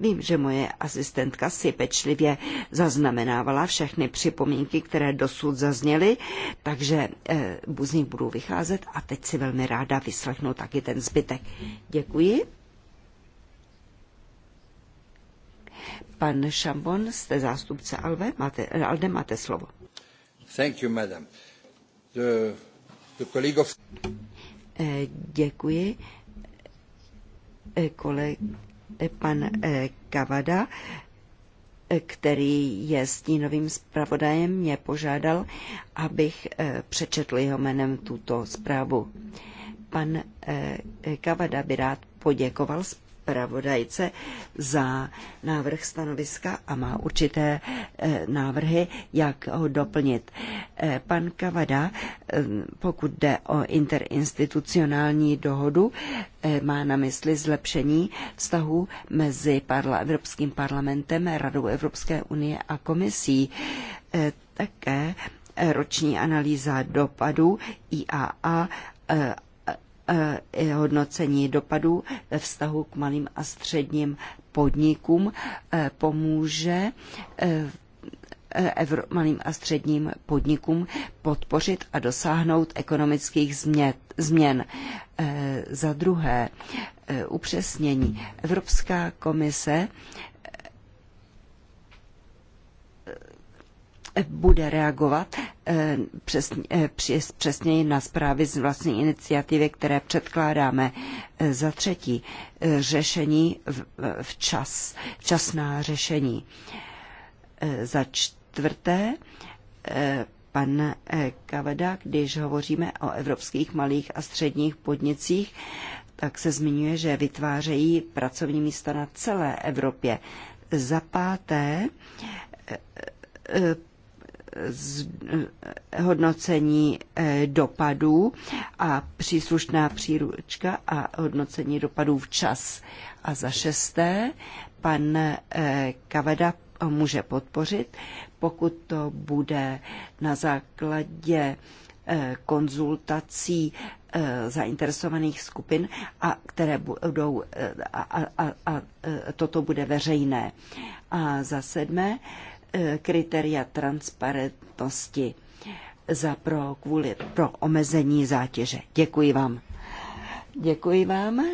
Vím, že moje asistentka si pečlivě zaznamenávala všechny připomínky, které dosud zazněly, takže e, z nich budu vycházet a teď si velmi ráda vyslechnu taky ten zbytek. Děkuji. Pan Šambon, jste zástupce Alve, máte, Alde, máte slovo. Thank you, madam. The, the colleague of... Eh, děkuji. Eh, kole, eh, pan Kavada, který je stínovým zpravodajem, mě požádal, abych přečetl jeho jménem tuto zprávu. Pan Kavada by rád poděkoval zpravodajem zpravodajce za návrh stanoviska a má určité eh, návrhy, jak ho doplnit. Eh, pan Kavada, eh, pokud jde o interinstitucionální dohodu, má na mysli zlepšení vztahu mezi parla- Evropským parlamentem, Radou Evropské unie a komisí. Také roční analýza dopadů IAA Eh, hodnocení dopadů ve vztahu k malým a středním podnikům eh, pomůže eh, malým a středním podnikům podpořit a dosáhnout ekonomických změn. Za druhé, upřesnění. Evropská komise bude reagovat eh, přesně, eh, přesněji na zprávy z vlastní iniciativy, které předkládáme. Eh, za třetí, řešení včas, včasná řešení. Za čtvrté, pan Kavada, když hovoříme o evropských malých a středních podnicích, tak se zmiňuje, že vytvářejí pracovní místa na celé Evropě. Za páté, hodnocení eh, dopadů a příslušná příručka a hodnocení dopadů včas. A za šesté, pan eh, Kaveda může podpořit, pokud to bude na základě eh, konzultací zainteresovaných skupin, a které budou, a, a, a, a toto bude veřejné. A za sedmé, Eh, kritéria transparentnosti za pro, kvůli, pro omezení zátěže. Děkuji vám. Děkuji vám.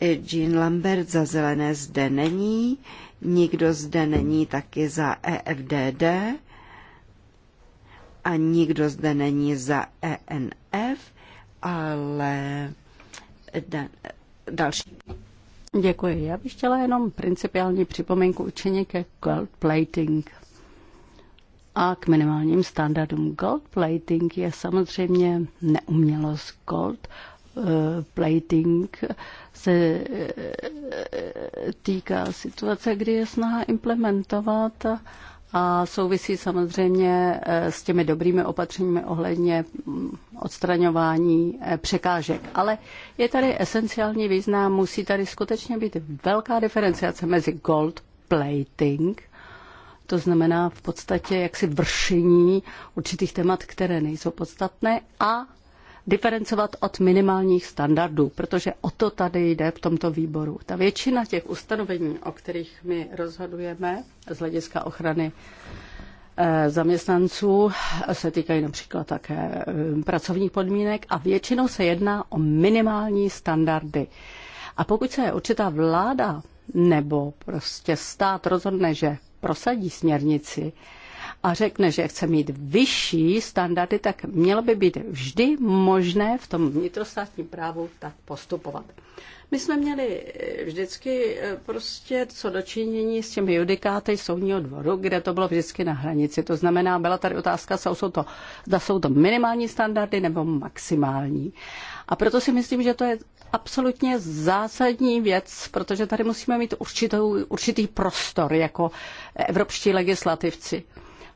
Eh, Jean Lambert za zelené zde není, nikdo zde není taky za EFDD a nikdo zde není za ENF, ale da, další. Děkuji. Já bych chtěla jenom principiální připomínku učení ke gold plating a k minimálním standardům. Gold plating je samozřejmě neumělost gold. Eh, plating se eh, eh, týká situace, kdy je snaha implementovat a souvisí samozřejmě eh, s těmi dobrými opatřeními ohledně mm, odstraňování eh, překážek. Ale je tady esenciální význam, musí tady skutečně být velká diferenciace mezi gold plating, to znamená v podstatě jaksi vršení určitých témat, které nejsou podstatné, a diferencovat od minimálních standardů, protože o to tady jde v tomto výboru. Ta většina těch ustanovení, o kterých my rozhodujeme z hlediska ochrany eh, zaměstnanců se týkají například také eh, pracovních podmínek a většinou se jedná o minimální standardy. A pokud se určitá vláda nebo prostě stát rozhodne, že prosadí směrnici, a řekne, že chce mít vyšší standardy, tak mělo by být vždy možné v tom vnitrostátním právu tak postupovat. My jsme měli eh, vždycky eh, prostě co dočinění s těmi judikáty soudního dvoru, kde to bylo vždycky na hranici. To znamená, byla tady otázka, zda jsou to, zda jsou to minimální standardy nebo maximální. A proto si myslím, že to je absolutně zásadní věc, protože tady musíme mít určitou, určitý prostor jako evropští legislativci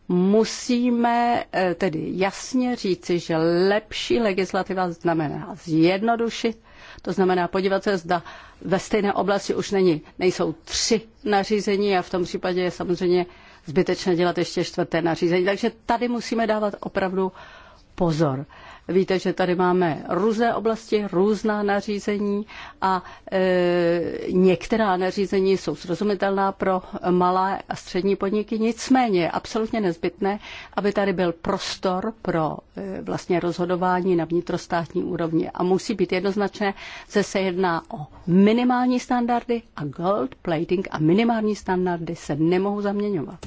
musíme eh, tedy jasně říci, že lepší legislativa znamená zjednodušit, to znamená podívat se, zda ve stejné oblasti už není, nejsou tři nařízení a v tom případě je samozřejmě zbytečné dělat ještě čtvrté nařízení. Takže tady musíme dávat opravdu pozor. Víte, že tady máme různé oblasti, různá nařízení a e, některá nařízení jsou srozumitelná pro malé a střední podniky, nicméně je absolutně nezbytné, aby tady byl prostor pro e, vlastně rozhodování na vnitrostátní úrovni a musí být jednoznačné, že se jedná o minimální standardy a gold plating a minimální standardy se nemohou zaměňovat.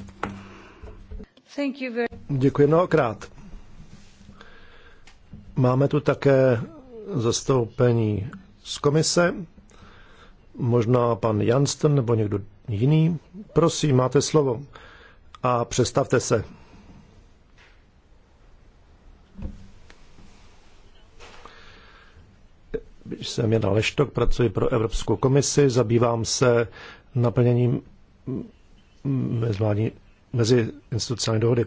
Děkuji mnohokrát. Máme tu také zastoupení z komise, možná pan Jansten nebo někdo jiný. Prosím, máte slovo a představte se. Jsem Jana Leštok, pracuji pro Evropskou komisi, zabývám se naplněním mezi institucionální dohody.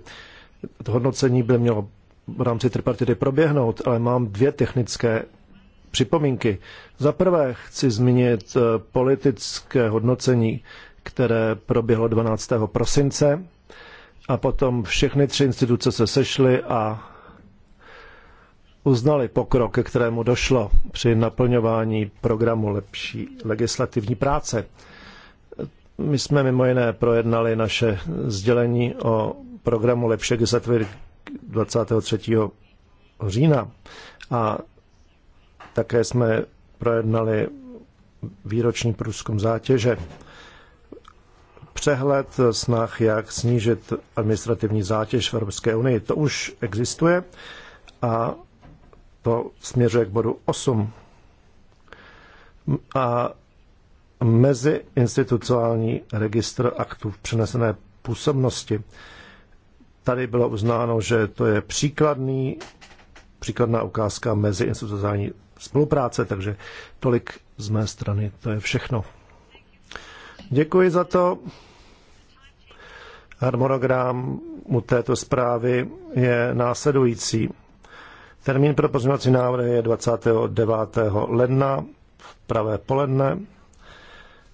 To hodnocení by mělo v rámci tripartity proběhnout, ale mám dvě technické připomínky. Za prvé chci zmínit eh, politické hodnocení, které proběhlo 12. prosince a potom všechny tři instituce se sešly a uznali pokrok, ke kterému došlo při naplňování programu lepší legislativní práce. My jsme mimo jiné projednali naše sdělení o programu lepší legislativní 23. října. A také jsme projednali výroční průzkum zátěže. Přehled snah, jak snížit administrativní zátěž v Evropské unii, to už existuje a to směřuje k bodu 8. A meziinstitucionální registr aktů v přenesené působnosti. Tady bylo uznáno, že to je příkladný, příkladná ukázka mezi institucionální spolupráce, takže tolik z mé strany, to je všechno. Děkuji za to. Harmonogram u této zprávy je následující. Termín pro pozměňovací návrhy je 29. ledna v pravé poledne.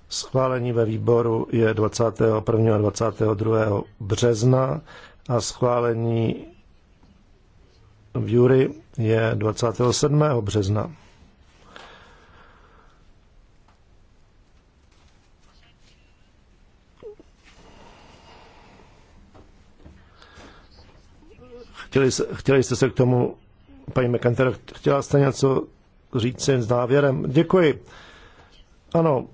Schválení ve výboru je 21. a 22. března a schválení v Jury je 27. března. Chtěli, chtěli jste se k tomu, paní McEnter, chtěla jste něco říct jen s závěrem? Děkuji. Ano,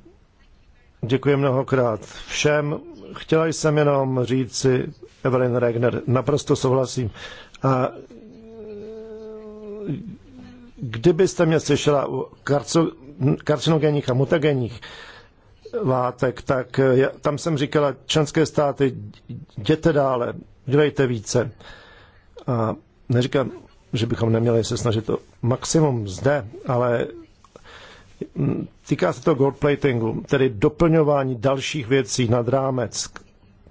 děkuji mnohokrát všem Chtěla jsem jenom říci, Evelyn Regner, naprosto souhlasím. A kdybyste mě slyšela o karcinogenních a mutagenních látek, tak já, tam jsem říkala, členské státy, jděte dále, dělejte více. A neříkám, že bychom neměli se snažit o maximum zde, ale Týká se to goldplatingu, tedy doplňování dalších věcí nad rámec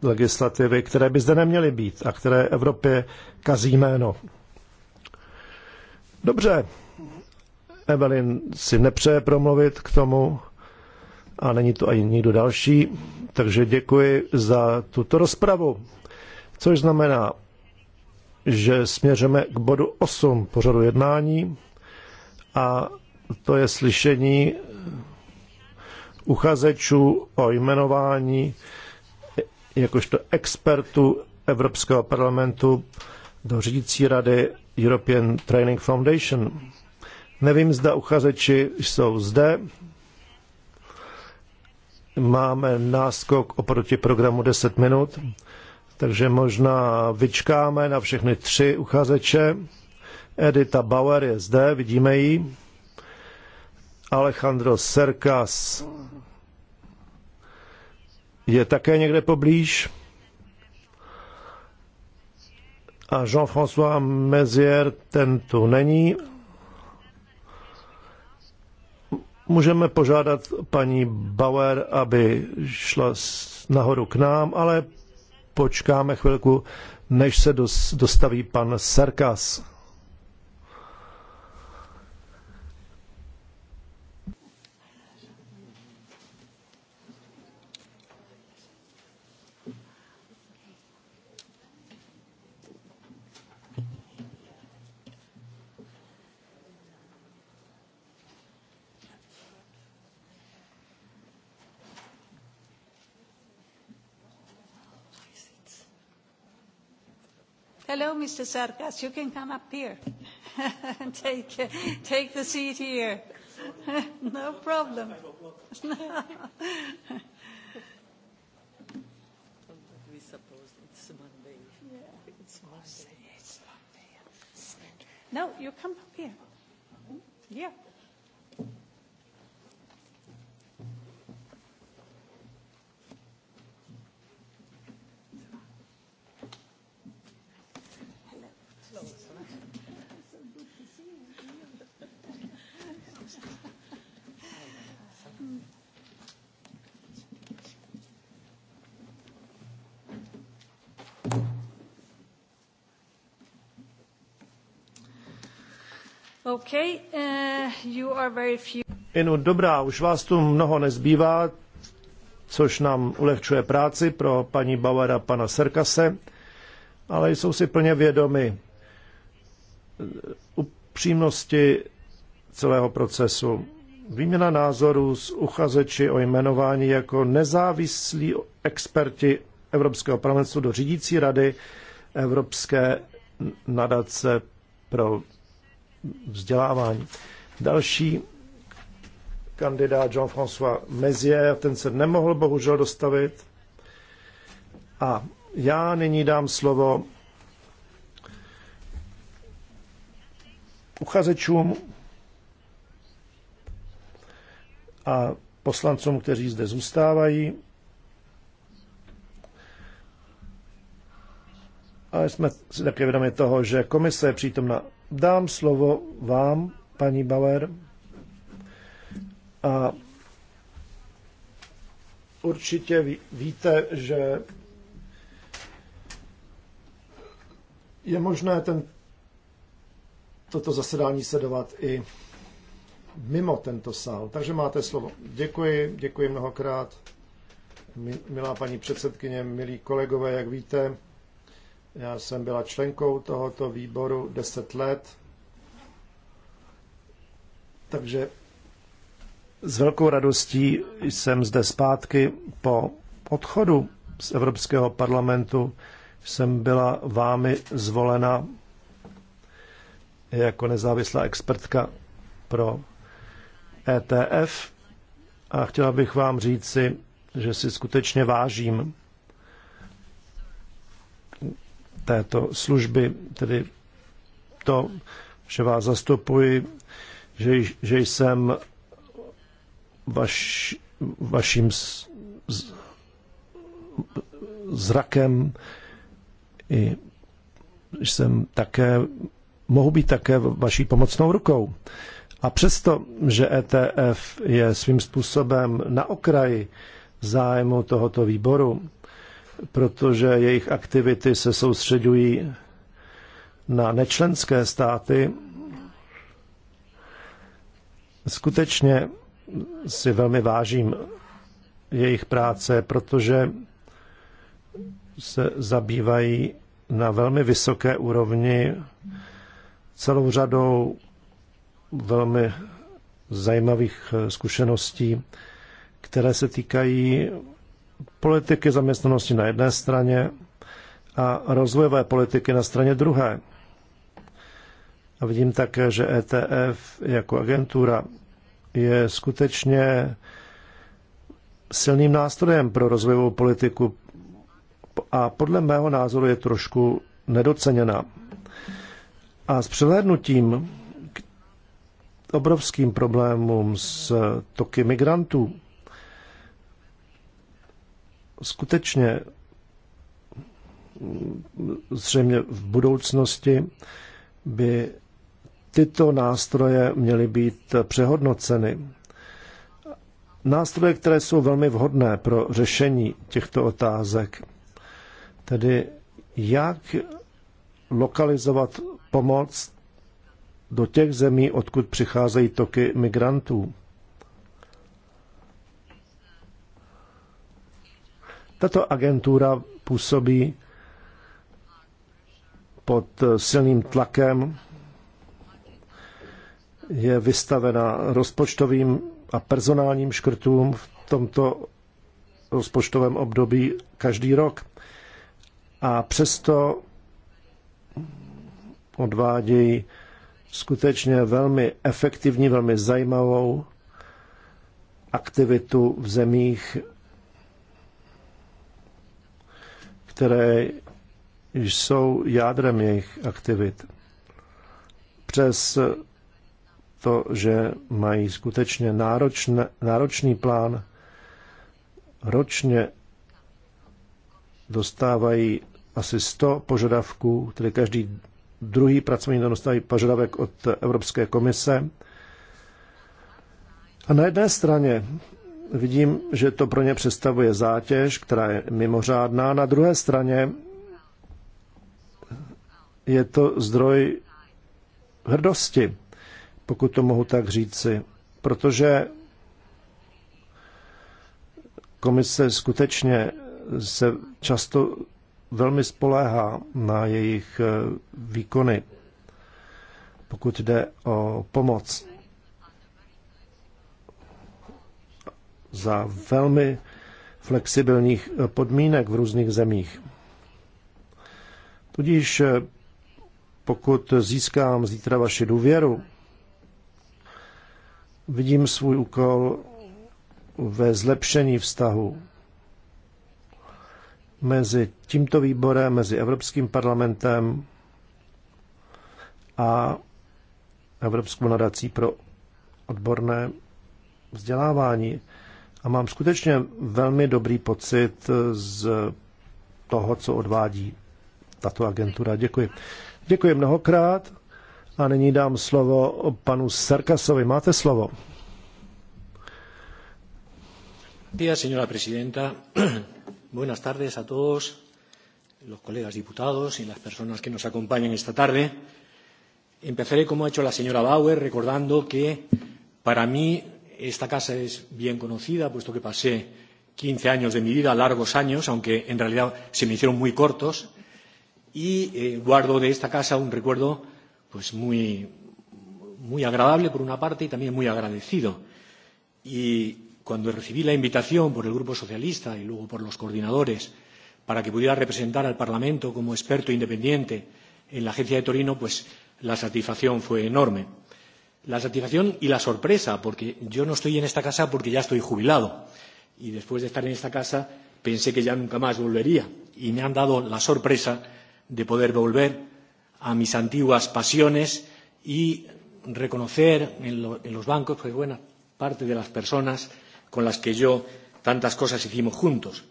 legislativy, které by zde neměly být a které Evropě kazí jméno. Dobře, Evelyn si nepřeje promluvit k tomu a není to ani nikdo další, takže děkuji za tuto rozpravu. Což znamená, že směřeme k bodu 8 pořadu jednání a to je slyšení uchazečů o jmenování jakožto expertu Evropského parlamentu do řídící rady European Training Foundation. Nevím, zda uchazeči jsou zde. Máme náskok oproti programu 10 minut, takže možná vyčkáme na všechny tři uchazeče. Edita Bauer je zde, vidíme ji. Alejandro Serkas je také někde poblíž. A Jean-François Mezier, ten tu není. Můžeme požádat paní Bauer, aby šla nahoru k nám, ale počkáme chvilku, než se dostaví pan Serkas. Hello, Mr. Sarkas. You can come up here and take, uh, take the seat here. no problem. we suppose it's Monday. Yeah. It's Monday. No, you come up here. Hmm? Yeah. Okay, uh, you are very few. Inu, dobrá, už vás tu mnoho nezbývá, což nám ulehčuje práci pro paní Bauer a pana Serkase, ale jsou si plně vědomi upřímnosti celého procesu. Výměna názorů s uchazeči o jmenování jako nezávislí experti Evropského parlamentu do řídící rady Evropské nadace pro vzdělávání. Další kandidát Jean-François Mezier, ten se nemohl bohužel dostavit. A já nyní dám slovo uchazečům a poslancům, kteří zde zůstávají. ale jsme si také vědomi toho, že komise je přítomna. Dám slovo vám, paní Bauer. A určitě víte, že je možné ten, toto zasedání sledovat i mimo tento sál. Takže máte slovo. Děkuji, děkuji mnohokrát. Milá paní předsedkyně, milí kolegové, jak víte, já jsem byla členkou tohoto výboru 10 let, takže s velkou radostí jsem zde zpátky po odchodu z Evropského parlamentu. Jsem byla vámi zvolena jako nezávislá expertka pro ETF a chtěla bych vám říci, že si skutečně vážím této služby, tedy to, že vás zastupuji, že, že jsem vaš, vaším z, z, zrakem i jsem také, mohu být také vaší pomocnou rukou. A přesto, že ETF je svým způsobem na okraji zájmu tohoto výboru, protože jejich aktivity se soustředují na nečlenské státy, skutečně si velmi vážím jejich práce, protože se zabývají na velmi vysoké úrovni celou řadou velmi zajímavých zkušeností, které se týkají politiky zaměstnanosti na jedné straně a rozvojové politiky na straně druhé. A vidím také, že ETF jako agentura je skutečně silným nástrojem pro rozvojovou politiku a podle mého názoru je trošku nedoceněna. A s přehlédnutím k obrovským problémům s toky migrantů, skutečně zřejmě v budoucnosti by tyto nástroje měly být přehodnoceny. Nástroje, které jsou velmi vhodné pro řešení těchto otázek, tedy jak lokalizovat pomoc do těch zemí, odkud přicházejí toky migrantů. Tato agentura působí pod silným tlakem, je vystavena rozpočtovým a personálním škrtům v tomto rozpočtovém období každý rok. A přesto odvádějí skutečně velmi efektivní, velmi zajímavou aktivitu v zemích, které jsou jádrem jejich aktivit. Přes to, že mají skutečně náročné, náročný plán, ročně dostávají asi 100 požadavků, tedy každý druhý pracovník dostávají požadavek od Evropské komise. A na jedné straně vidím, že to pro ně představuje zátěž, která je mimořádná. Na druhé straně je to zdroj hrdosti, pokud to mohu tak říci, protože komise skutečně se často velmi spoléhá na jejich eh, výkony, pokud jde o pomoc. za velmi flexibilních eh, podmínek v různých zemích. Tudíž eh, pokud získám zítra vaši důvěru, vidím svůj úkol ve zlepšení vztahu mezi tímto výborem, mezi Evropským parlamentem a Evropskou nadací pro odborné vzdělávání. A mám skutečně velmi dobrý pocit z toho, co odvádí tato agentura. Děkuji. Děkuji mnohokrát a nyní dám slovo panu Serkasovi. Máte slovo. Días, señora presidenta. Buenas tardes a todos los colegas diputados y las personas que nos acompañan esta tarde. Empezaré, como ha hecho la señora Bauer, recordando que para mí Esta casa es bien conocida, puesto que pasé 15 años de mi vida, largos años, aunque en realidad se me hicieron muy cortos, y eh, guardo de esta casa un recuerdo pues muy, muy agradable por una parte y también muy agradecido. Y cuando recibí la invitación por el Grupo Socialista y luego por los coordinadores para que pudiera representar al Parlamento como experto independiente en la Agencia de Torino, pues la satisfacción fue enorme la satisfacción y la sorpresa, porque yo no estoy en esta casa porque ya estoy jubilado. Y después de estar en esta casa pensé que ya nunca más volvería. Y me han dado la sorpresa de poder volver a mis antiguas pasiones y reconocer en, lo, en los bancos, pues buena parte de las personas con las que yo tantas cosas hicimos juntos.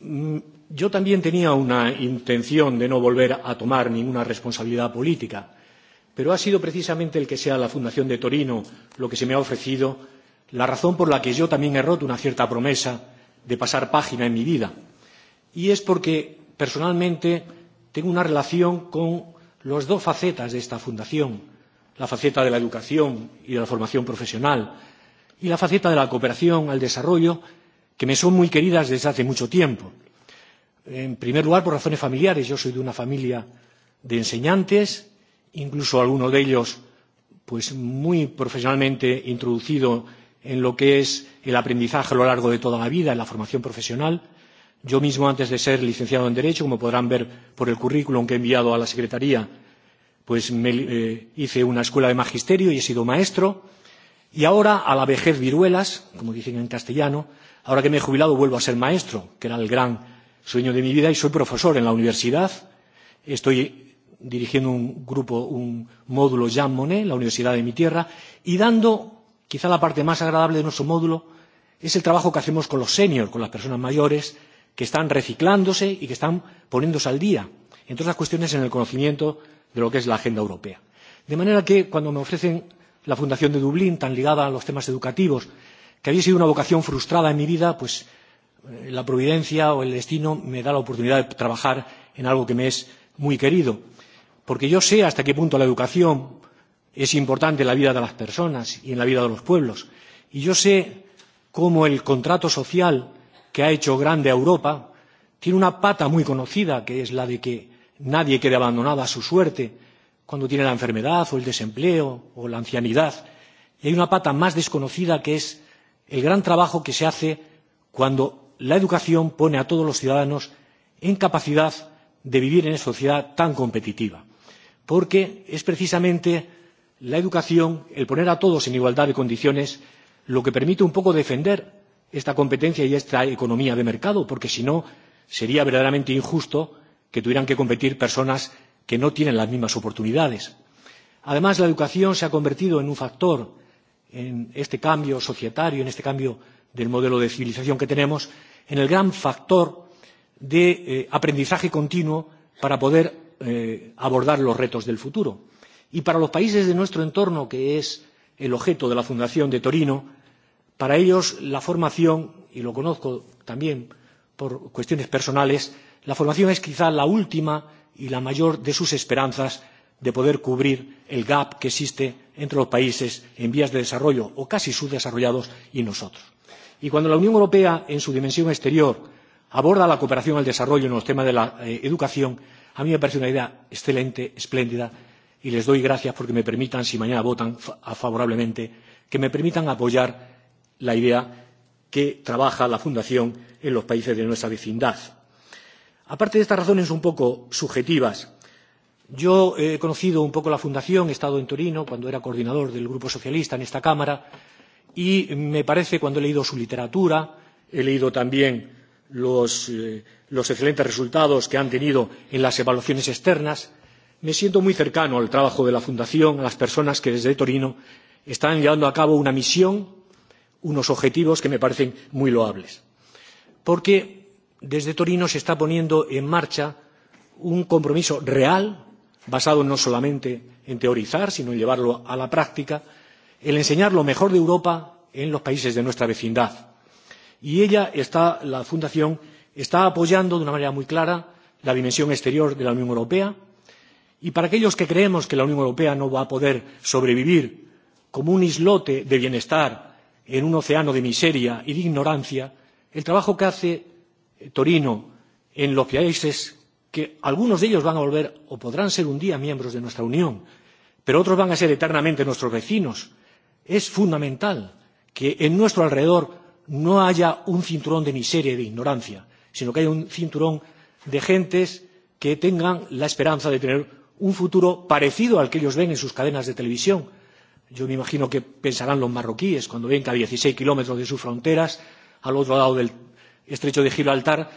Mm, yo también tenía una intención de no volver a tomar ninguna responsabilidad política pero ha sido precisamente el que sea la Fundación de Torino lo que se me ha ofrecido la razón por la que yo también he roto una cierta promesa de pasar página en mi vida. Y es porque personalmente tengo una relación con las dos facetas de esta fundación, la faceta de la educación y de la formación profesional y la faceta de la cooperación al desarrollo que me son muy queridas desde hace mucho tiempo. En primer lugar, por razones familiares. Yo soy de una familia de enseñantes incluso alguno de ellos pues muy profesionalmente introducido en lo que es el aprendizaje a lo largo de toda la vida, en la formación profesional. Yo mismo, antes de ser licenciado en Derecho, como podrán ver por el currículum que he enviado a la Secretaría, pues me, eh, hice una escuela de magisterio y he sido maestro. Y ahora, a la vejez viruelas, como dicen en castellano, ahora que me he jubilado vuelvo a ser maestro, que era el gran sueño de mi vida, y soy profesor en la universidad. Estoy dirigiendo un grupo, un módulo Jean Monnet, la Universidad de mi tierra, y dando, quizá la parte más agradable de nuestro módulo, es el trabajo que hacemos con los seniors, con las personas mayores, que están reciclándose y que están poniéndose al día, entre otras cuestiones en el conocimiento de lo que es la agenda europea. De manera que cuando me ofrecen la Fundación de Dublín, tan ligada a los temas educativos, que había sido una vocación frustrada en mi vida, pues eh, la providencia o el destino me da la oportunidad de trabajar en algo que me es muy querido porque yo sé hasta qué punto la educación es importante en la vida de las personas y en la vida de los pueblos. Y yo sé cómo el contrato social que ha hecho grande a Europa tiene una pata muy conocida, que es la de que nadie quede abandonado a su suerte cuando tiene la enfermedad o el desempleo o la ancianidad. Y hay una pata más desconocida que es el gran trabajo que se hace cuando la educación pone a todos los ciudadanos en capacidad de vivir en una sociedad tan competitiva porque es precisamente la educación, el poner a todos en igualdad de condiciones, lo que permite un poco defender esta competencia y esta economía de mercado, porque si no, sería verdaderamente injusto que tuvieran que competir personas que no tienen las mismas oportunidades. Además, la educación se ha convertido en un factor en este cambio societario, en este cambio del modelo de civilización que tenemos, en el gran factor de eh, aprendizaje continuo para poder eh, abordar los retos del futuro. Y para los países de nuestro entorno, que es el objeto de la Fundación de Torino, para ellos la formación, y lo conozco también por cuestiones personales, la formación es quizá la última y la mayor de sus esperanzas de poder cubrir el gap que existe entre los países en vías de desarrollo o casi subdesarrollados y nosotros. Y cuando la Unión Europea, en su dimensión exterior, aborda la cooperación al desarrollo en los temas de la eh, educación, a mí me parece una idea excelente, espléndida, y les doy gracias porque me permitan, si mañana votan favorablemente, que me permitan apoyar la idea que trabaja la Fundación en los países de nuestra vecindad. Aparte de estas razones un poco subjetivas, yo he conocido un poco la Fundación, he estado en Torino cuando era coordinador del Grupo Socialista en esta Cámara, y me parece, cuando he leído su literatura, he leído también los, eh, los excelentes resultados que han tenido en las evaluaciones externas, me siento muy cercano al trabajo de la Fundación, a las personas que desde Torino están llevando a cabo una misión, unos objetivos que me parecen muy loables. Porque desde Torino se está poniendo en marcha un compromiso real, basado no solamente en teorizar, sino en llevarlo a la práctica, el enseñar lo mejor de Europa en los países de nuestra vecindad y ella está, la fundación está apoyando de una manera muy clara la dimensión exterior de la Unión Europea y para aquellos que creemos que la Unión Europea no va a poder sobrevivir como un islote de bienestar en un océano de miseria y de ignorancia, el trabajo que hace eh, Torino en los países que algunos de ellos van a volver o podrán ser un día miembros de nuestra Unión, pero otros van a ser eternamente nuestros vecinos. Es fundamental que en nuestro alrededor no haya un cinturón de miseria y de ignorancia, sino que haya un cinturón de gentes que tengan la esperanza de tener un futuro parecido al que ellos ven en sus cadenas de televisión. Yo me imagino que pensarán los marroquíes cuando ven que a 16 kilómetros de sus fronteras, al otro lado del estrecho de Gibraltar,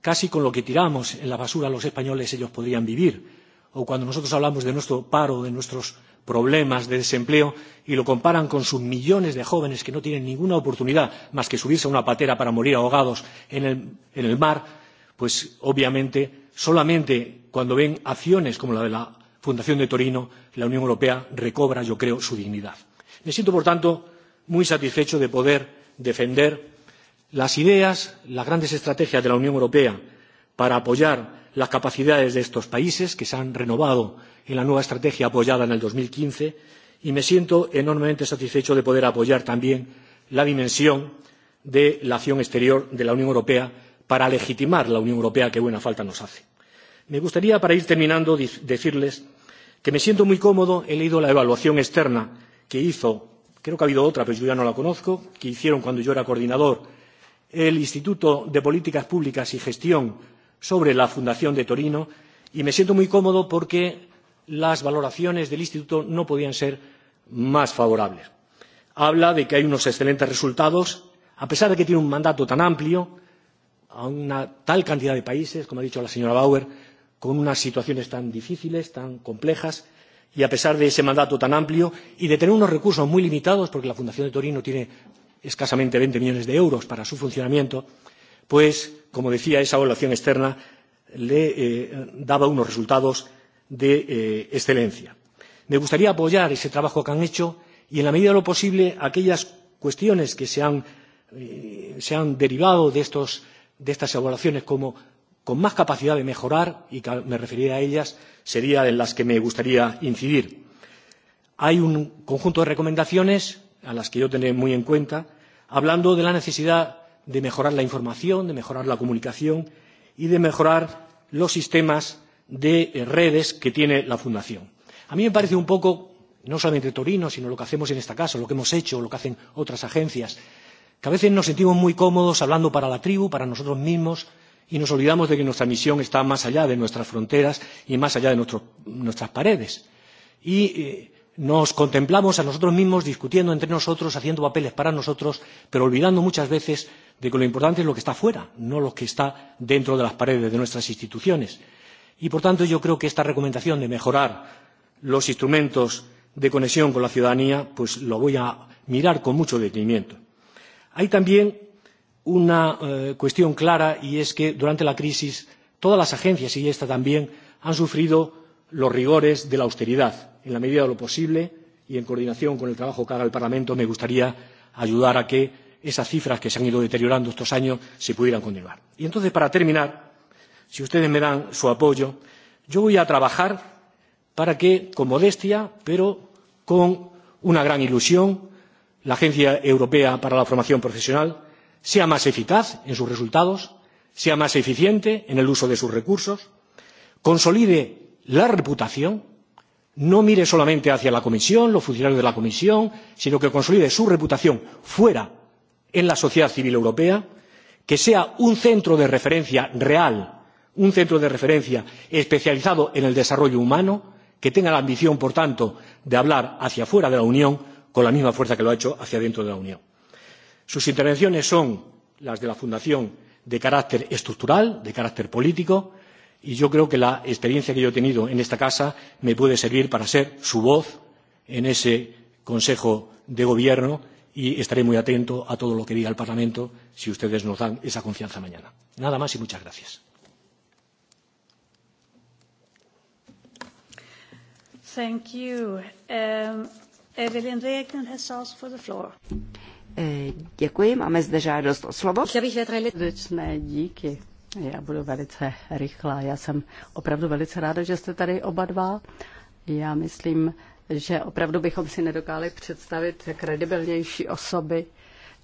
casi con lo que tiramos en la basura los españoles ellos podrían vivir o cuando nosotros hablamos de nuestro paro, de nuestros problemas de desempleo y lo comparan con sus millones de jóvenes que no tienen ninguna oportunidad más que subirse a una patera para morir ahogados en el, en el mar, pues obviamente solamente cuando ven acciones como la de la Fundación de Torino, la Unión Europea recobra, yo creo, su dignidad. Me siento, por tanto, muy satisfecho de poder defender las ideas, las grandes estrategias de la Unión Europea para apoyar las capacidades de estos países que se han renovado en la nueva estrategia apoyada en el 2015 y me siento enormemente satisfecho de poder apoyar también la dimensión de la acción exterior de la Unión Europea para legitimar la Unión Europea que buena falta nos hace. Me gustaría, para ir terminando, decirles que me siento muy cómodo. He leído la evaluación externa que hizo, creo que ha habido otra, pero yo ya no la conozco, que hicieron cuando yo era coordinador el Instituto de Políticas Públicas y Gestión sobre la Fundación de Torino y me siento muy cómodo porque las valoraciones del Instituto no podían ser más favorables. Habla de que hay unos excelentes resultados, a pesar de que tiene un mandato tan amplio, a una tal cantidad de países, como ha dicho la señora Bauer, con unas situaciones tan difíciles, tan complejas, y a pesar de ese mandato tan amplio y de tener unos recursos muy limitados, porque la Fundación de Torino tiene escasamente veinte millones de euros para su funcionamiento, pues, como decía, esa evaluación externa le eh, daba unos resultados de eh, excelencia. Me gustaría apoyar ese trabajo que han hecho y, en la medida de lo posible, aquellas cuestiones que se han, eh, se han derivado de, estos, de estas evaluaciones como con más capacidad de mejorar, y me referiré a ellas, sería en las que me gustaría incidir. Hay un conjunto de recomendaciones a las que yo tendré muy en cuenta, hablando de la necesidad de mejorar la información, de mejorar la comunicación y de mejorar los sistemas de eh, redes que tiene la Fundación. A mí me parece un poco, no solamente Torino, sino lo que hacemos en esta casa, lo que hemos hecho, lo que hacen otras agencias, que a veces nos sentimos muy cómodos hablando para la tribu, para nosotros mismos, y nos olvidamos de que nuestra misión está más allá de nuestras fronteras y más allá de nuestro, nuestras paredes. Y eh, nos contemplamos a nosotros mismos discutiendo entre nosotros, haciendo papeles para nosotros, pero olvidando muchas veces de que lo importante es lo que está fuera, no lo que está dentro de las paredes de nuestras instituciones. Y, por tanto, yo creo que esta recomendación de mejorar los instrumentos de conexión con la ciudadanía, pues lo voy a mirar con mucho detenimiento. Hay también una eh, cuestión clara y es que durante la crisis todas las agencias y esta también han sufrido los rigores de la austeridad. En la medida de lo posible y en coordinación con el trabajo que haga el Parlamento me gustaría ayudar a que esas cifras que se han ido deteriorando estos años se pudieran continuar. Y entonces, para terminar, si ustedes me dan su apoyo, yo voy a trabajar para que, con modestia, pero con una gran ilusión, la Agencia Europea para la Formación Profesional sea más eficaz en sus resultados, sea más eficiente en el uso de sus recursos, consolide la reputación, no mire solamente hacia la Comisión, los funcionarios de la Comisión, sino que consolide su reputación fuera en la sociedad civil europea que sea un centro de referencia real un centro de referencia especializado en el desarrollo humano que tenga la ambición por tanto de hablar hacia fuera de la unión con la misma fuerza que lo ha hecho hacia dentro de la unión. sus intervenciones son las de la fundación de carácter estructural de carácter político y yo creo que la experiencia que yo he tenido en esta casa me puede servir para ser su voz en ese consejo de gobierno y estaré muy atento a todo lo que diga el Parlamento si ustedes nos dan esa confianza mañana. Nada más y muchas gracias. Thank you. Um, Evelyn has asked for the floor. Eh, děkuji, máme zde žádost o slovo. Chtěla bych díky. Já budu velice rychlá. Já jsem opravdu velice ráda, že jste tady oba dva. Já myslím, že opravdu bychom si nedokáli představit kredibilnější osoby,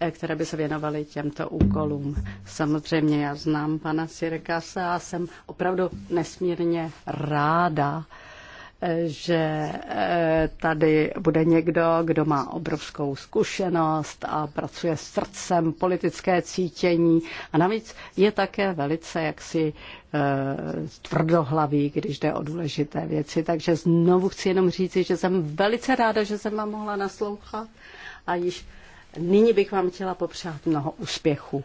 eh, které by se věnovaly těmto úkolům. Samozřejmě já znám pana Sirkasa a jsem opravdu nesmírně ráda, že eh, tady bude někdo, kdo má obrovskou zkušenost a pracuje srdcem, politické cítění a navíc je také velice jaksi eh, tvrdohlavý, když jde o důležité věci. Takže znovu chci jenom říci, že jsem velice ráda, že jsem vám mohla naslouchat a již nyní bych vám chtěla popřát mnoho úspěchu.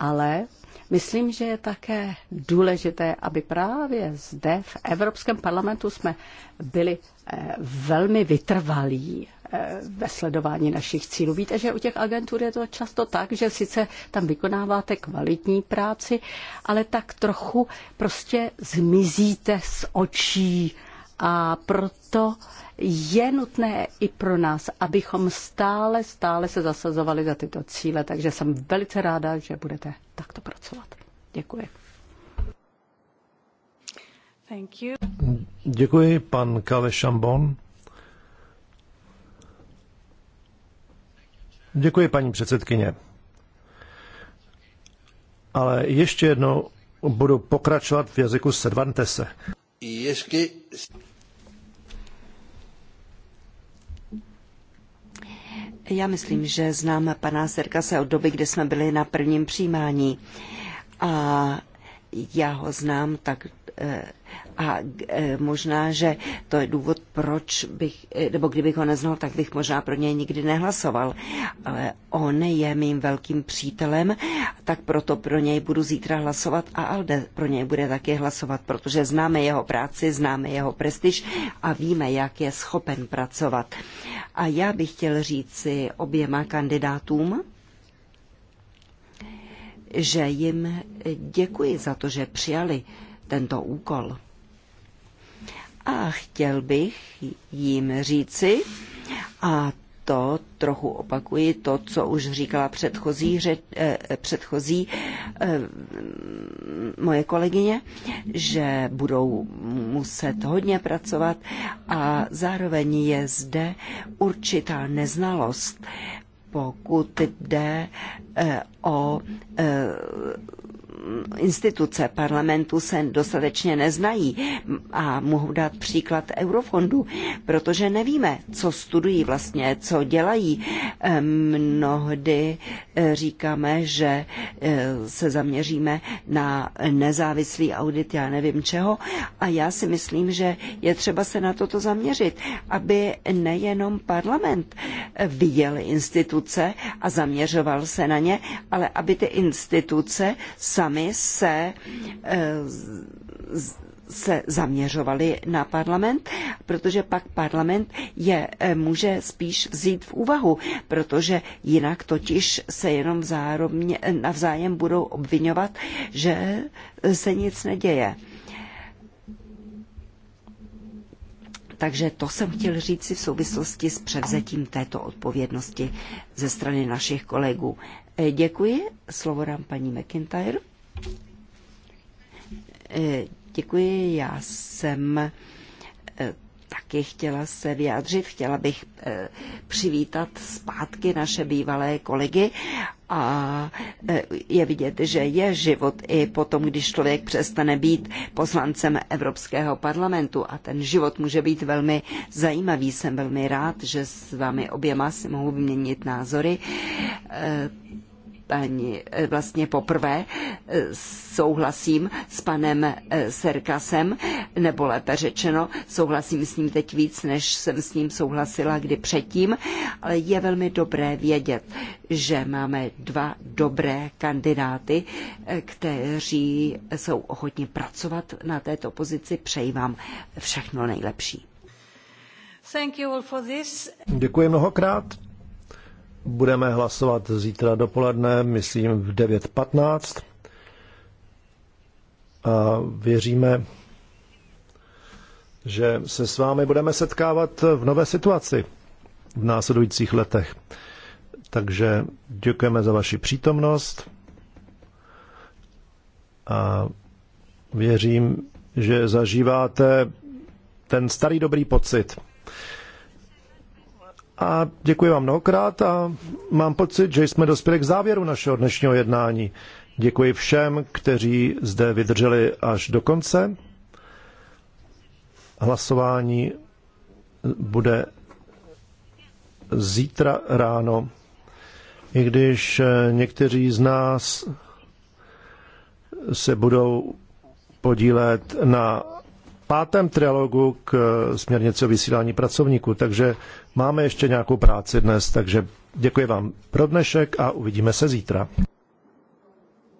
Ale Myslím, že je také důležité, aby právě zde v Evropském parlamentu jsme byli eh, velmi vytrvalí eh, ve sledování našich cílů. Víte, že u těch agentur je to často tak, že sice tam vykonáváte kvalitní práci, ale tak trochu prostě zmizíte z očí a proto je nutné i pro nás, abychom stále, stále se zasazovali za tyto cíle. Takže jsem velice ráda, že budete takto pracovat. Děkuji. Thank you. Děkuji, pan Kave Šambon. Děkuji, paní předsedkyně. Ale ještě jednou budu pokračovat v jazyku Cervantese. Já myslím, že znám pana Serkase od doby, kdy jsme byli na prvním přijímání. A já ho znám tak Eh, a eh, možná, že to je důvod, proč bych, eh, nebo kdybych ho neznal, tak bych možná pro něj nikdy nehlasoval. Ale on je mým velkým přítelem, tak proto pro něj budu zítra hlasovat a Alde pro něj bude také hlasovat, protože známe jeho práci, známe jeho prestiž a víme, jak je schopen pracovat. A já bych chtěl říci oběma kandidátům, že jim děkuji za to, že přijali tento úkol. A chtěl bych jim říci, a to trochu opakuji, to, co už říkala předchozí, řeč, eh, předchozí eh, moje kolegyně, že budou muset hodně pracovat a zároveň je zde určitá neznalost, pokud jde eh, o eh, instituce parlamentu se dostatečně neznají a mohu dát příklad eurofondu, protože nevíme, co studují vlastně, co dělají. Mnohdy eh, říkáme, že eh, se zaměříme na nezávislý audit, já nevím čeho, a já si myslím, že je třeba se na toto zaměřit, aby nejenom parlament eh, viděl instituce a zaměřoval se na ně, ale aby ty instituce sami sami se, eh, se zaměřovali na parlament, protože pak parlament je eh, může spíš vzít v úvahu, protože jinak totiž se jenom zároveň, navzájem budou obvinovat, že eh, se nic neděje. Takže to jsem chtěl říct si v souvislosti s převzetím této odpovědnosti ze strany našich kolegů. Děkuji. Slovo dám paní McIntyre. Eh, děkuji, já jsem eh, taky chtěla se vyjádřit. Chtěla bych eh, přivítat zpátky naše bývalé kolegy a je vidět, že je život i potom, když člověk přestane být poslancem Evropského parlamentu a ten život může být velmi zajímavý. Jsem velmi rád, že s vámi oběma si mohu vyměnit názory Eh, vlastně poprvé eh, souhlasím s panem eh, Serkasem, nebo lépe řečeno, souhlasím s ním teď víc, než jsem s ním souhlasila kdy předtím, ale je velmi dobré vědět, že máme dva dobré kandidáty, kteří jsou ochotni pracovat na této pozici. Přeji vám všechno nejlepší. Děkuji mnohokrát. Budeme hlasovat zítra dopoledne, myslím v 9.15. A věříme, že se s vámi budeme setkávat v nové situaci v následujících letech. Takže děkujeme za vaši přítomnost a věřím, že zažíváte ten starý dobrý pocit, a děkuji vám mnohokrát a mám pocit, že jsme dospěli k závěru našeho dnešního jednání. Děkuji všem, kteří zde vydrželi až do konce. Hlasování bude zítra ráno, i když eh, někteří z nás se budou podílet na pátém trialogu k eh, směrnici o vysílání pracovníků. Takže Máme ještě nějakou práci dnes, takže děkuji vám pro dnešek a uvidíme se zítra.